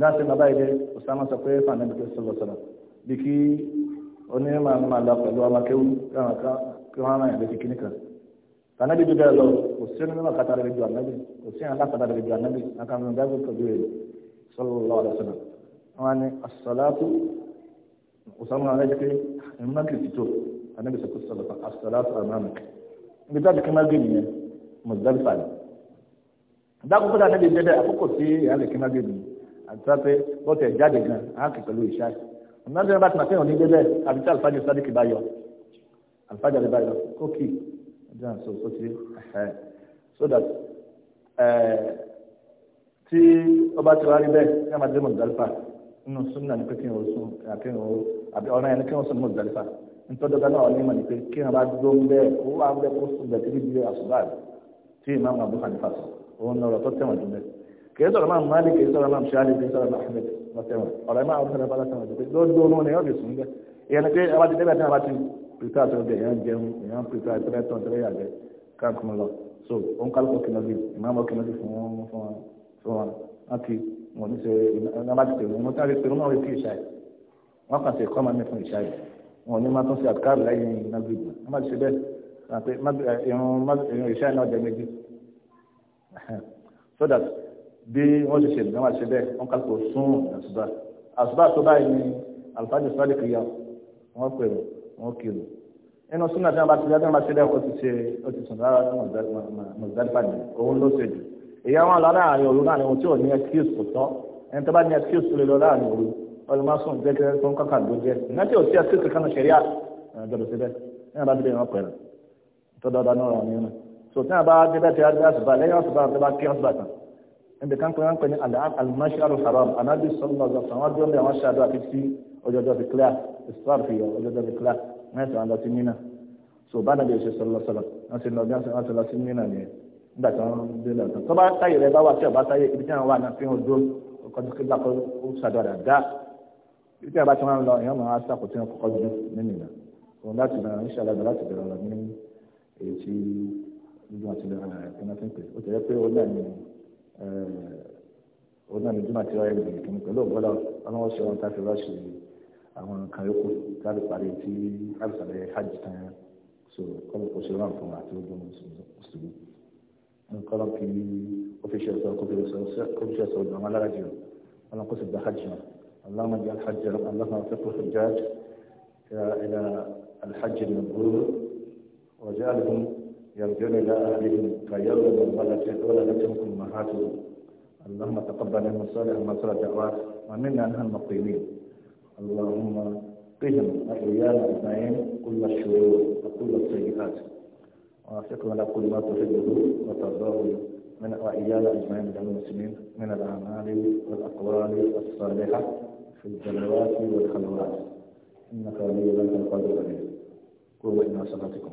náà sí bàbá ìdẹ Usama sọ pé fún anábì sọ̀rọ̀ sọ̀rọ̀ bí kí onímọ̀ máa lọ pẹ̀lú ọmọkéwú kí wọ́n sallallahu alaihi wasallam wọn ni asalaatu usama alẹ jẹ pé ìmúná kìrìtì tó anabi sọkò sọlọfà asalaatu amami ibi tá a ti kí máa gbé nìyẹn mọ̀sálífà ni dákúkú tá a níbi dẹ́dẹ́ àkókò tí a lè kí máa gbé nìyẹn àti sáfẹ́ bọ́tẹ̀ jáde gan á kì pẹ̀lú ìṣá ọ̀nà tí wọ́n bá ti máa fẹ́ràn so that. Eh, tí ọba ti wá rí bẹ́ẹ̀ ní àmà dé mọ̀dálífà nínú súnmọ́ ní pé kí n ò sún àti ìrìn òru àbí ọ̀ràn yẹn ní kí n ò sún mọ̀dálífà nítorí ọ̀gá náà ní ìmọ̀ ní pé kí n bá dúró ń bẹ́ẹ̀ kó wá bẹ́ẹ̀ kó sùn bẹ́ẹ̀ títí di àṣùbà tí ìmáàmù Abu Hanifa sọ òun náà ọ̀rọ̀ tó tẹ̀wọ̀n jù bẹ́ẹ̀ kìí sọ̀rọ̀ máa Malik kìí sọ̀rọ̀ máa Shafi kìí sọ̀rọ̀ máa Ahmed lọ́tẹ̀wọ̀n ọ̀rọ̀ máa Abu Hanifa lọ́tẹ̀wọ̀n jù pé lóòótọ́ òun ni yóò fi sùn bẹ́ẹ̀ ìyẹn ni pé abájú débẹ̀ tí wọ́n bá ti pìtà tó dé èèyàn jẹun èèyàn so on wọn kì wọn ní ṣe ẹnàmásìkè wọn wọn tàbí pé wọn náà rí kí ìṣáì wọn kàn ṣe kọ́ máa ní fún ìṣáì wọn ní máa tún ṣe àkàrà lẹ́yìn magrib wọn máa ṣe bẹ́ẹ̀ wọn pé eh, irun ìṣáì náà jẹ méjì [laughs] so that bí wọ́n ṣe ṣe ìgbà máa ṣe bẹ́ẹ̀ wọ́n kà kó sún àṣùbà àṣùbà tó báyìí ni alifájì sọ́ọ́lì kì yá wọ́n pè wọ́n kì í inú súnà tí wọ́n bá ti ṣe tí wọ́n bá ṣe bẹ́ẹ̀ ó ti ṣe ó ti sùn lára mọ̀ọ́dálífà ni òun ló èyí àwọn àlọ́ láàrin òru láàrin ohun tí ò ní excuse kò tọ́ ẹni tó bá ní excuse lè lọ láàrin òru ọlọmọsùn jẹ́kẹ́ tó ń kọ́kà ló jẹ́ ìná tí ò sí excuse kan ṣẹ̀ríà gbọdọ̀ síbẹ̀ ní àbá bíbẹ̀ wọn pẹ̀lú tó dọ́dọ́ náà rà nínú so tí àbá bíbẹ̀ tí a dé àṣùbà lẹ́yìn àṣùbà tó bá kí àṣùbà tán níbi kan pé wọ́n pè ní alimashiaru haram anabi sọlọ ọ̀sán wọn bí wọn bí àwọn ṣe sọlọ sọlọ sí mina nígbà tí wọ́n dé lọ tán tó bá táyé rẹ bá wà tí ọba táyé ibi tí wọ́n wà náà fi hàn dó kọjú kí gbàkọ́ ó ṣàdọ̀dà dá ibi tí wọ́n bá ti wọ́n lọ èèyàn máa sàkó tí wọ́n kọ́kọ́ dúró nínú ìlà òun láti náà ń ṣàlàyé láti bẹ̀rẹ̀ ọ̀rọ̀ ní èyí tí jùmọ̀ ti lọ́ra ẹ̀kọ́nà tó ń pè ó tẹ̀lé pé ó náà ní ó náà ní jùmọ̀ ti lọ́ra ẹ̀gbìn ìkíni pẹ̀lú ògbọ́dọ̀ ọlọ́wọ́ ṣe wọn káfí lọ́ọ̀ṣì àwọn nǹkan yòókù ṣe wọn fún من kì في وفي fi ṣe ọ̀sán kó fi ṣe ọ̀sán ọ̀dọ̀ àwọn alárajú wọn kó sì gba الله ما اللهم اجعل الحج اللهم وفق الحجاج الى الحج المبرور وجعلهم يرجون الى اهلهم كيوم ولدتهم امهاتهم اللهم تقبل منهم صالح ما صلى دعوات ومنا انها المقيمين اللهم قهم أحيانا اجمعين كل الشرور وكل السيئات على لكل ما تحبه وترضاه من وإيانا أجمعين من المسلمين من الأعمال والأقوال الصالحة في الجلوات والخلوات إنك ولي ذلك القادر عليه قوموا إلى صلاتكم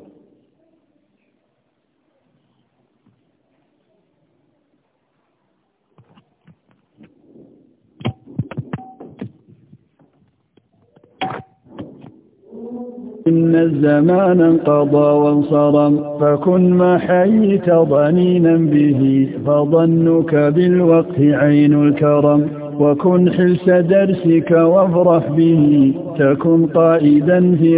إن الزمان انقضى وانصرم فكن ما حييت ضنينا به فظنك بالوقت عين الكرم وكن حلس درسك وافرح به تكن قائدا في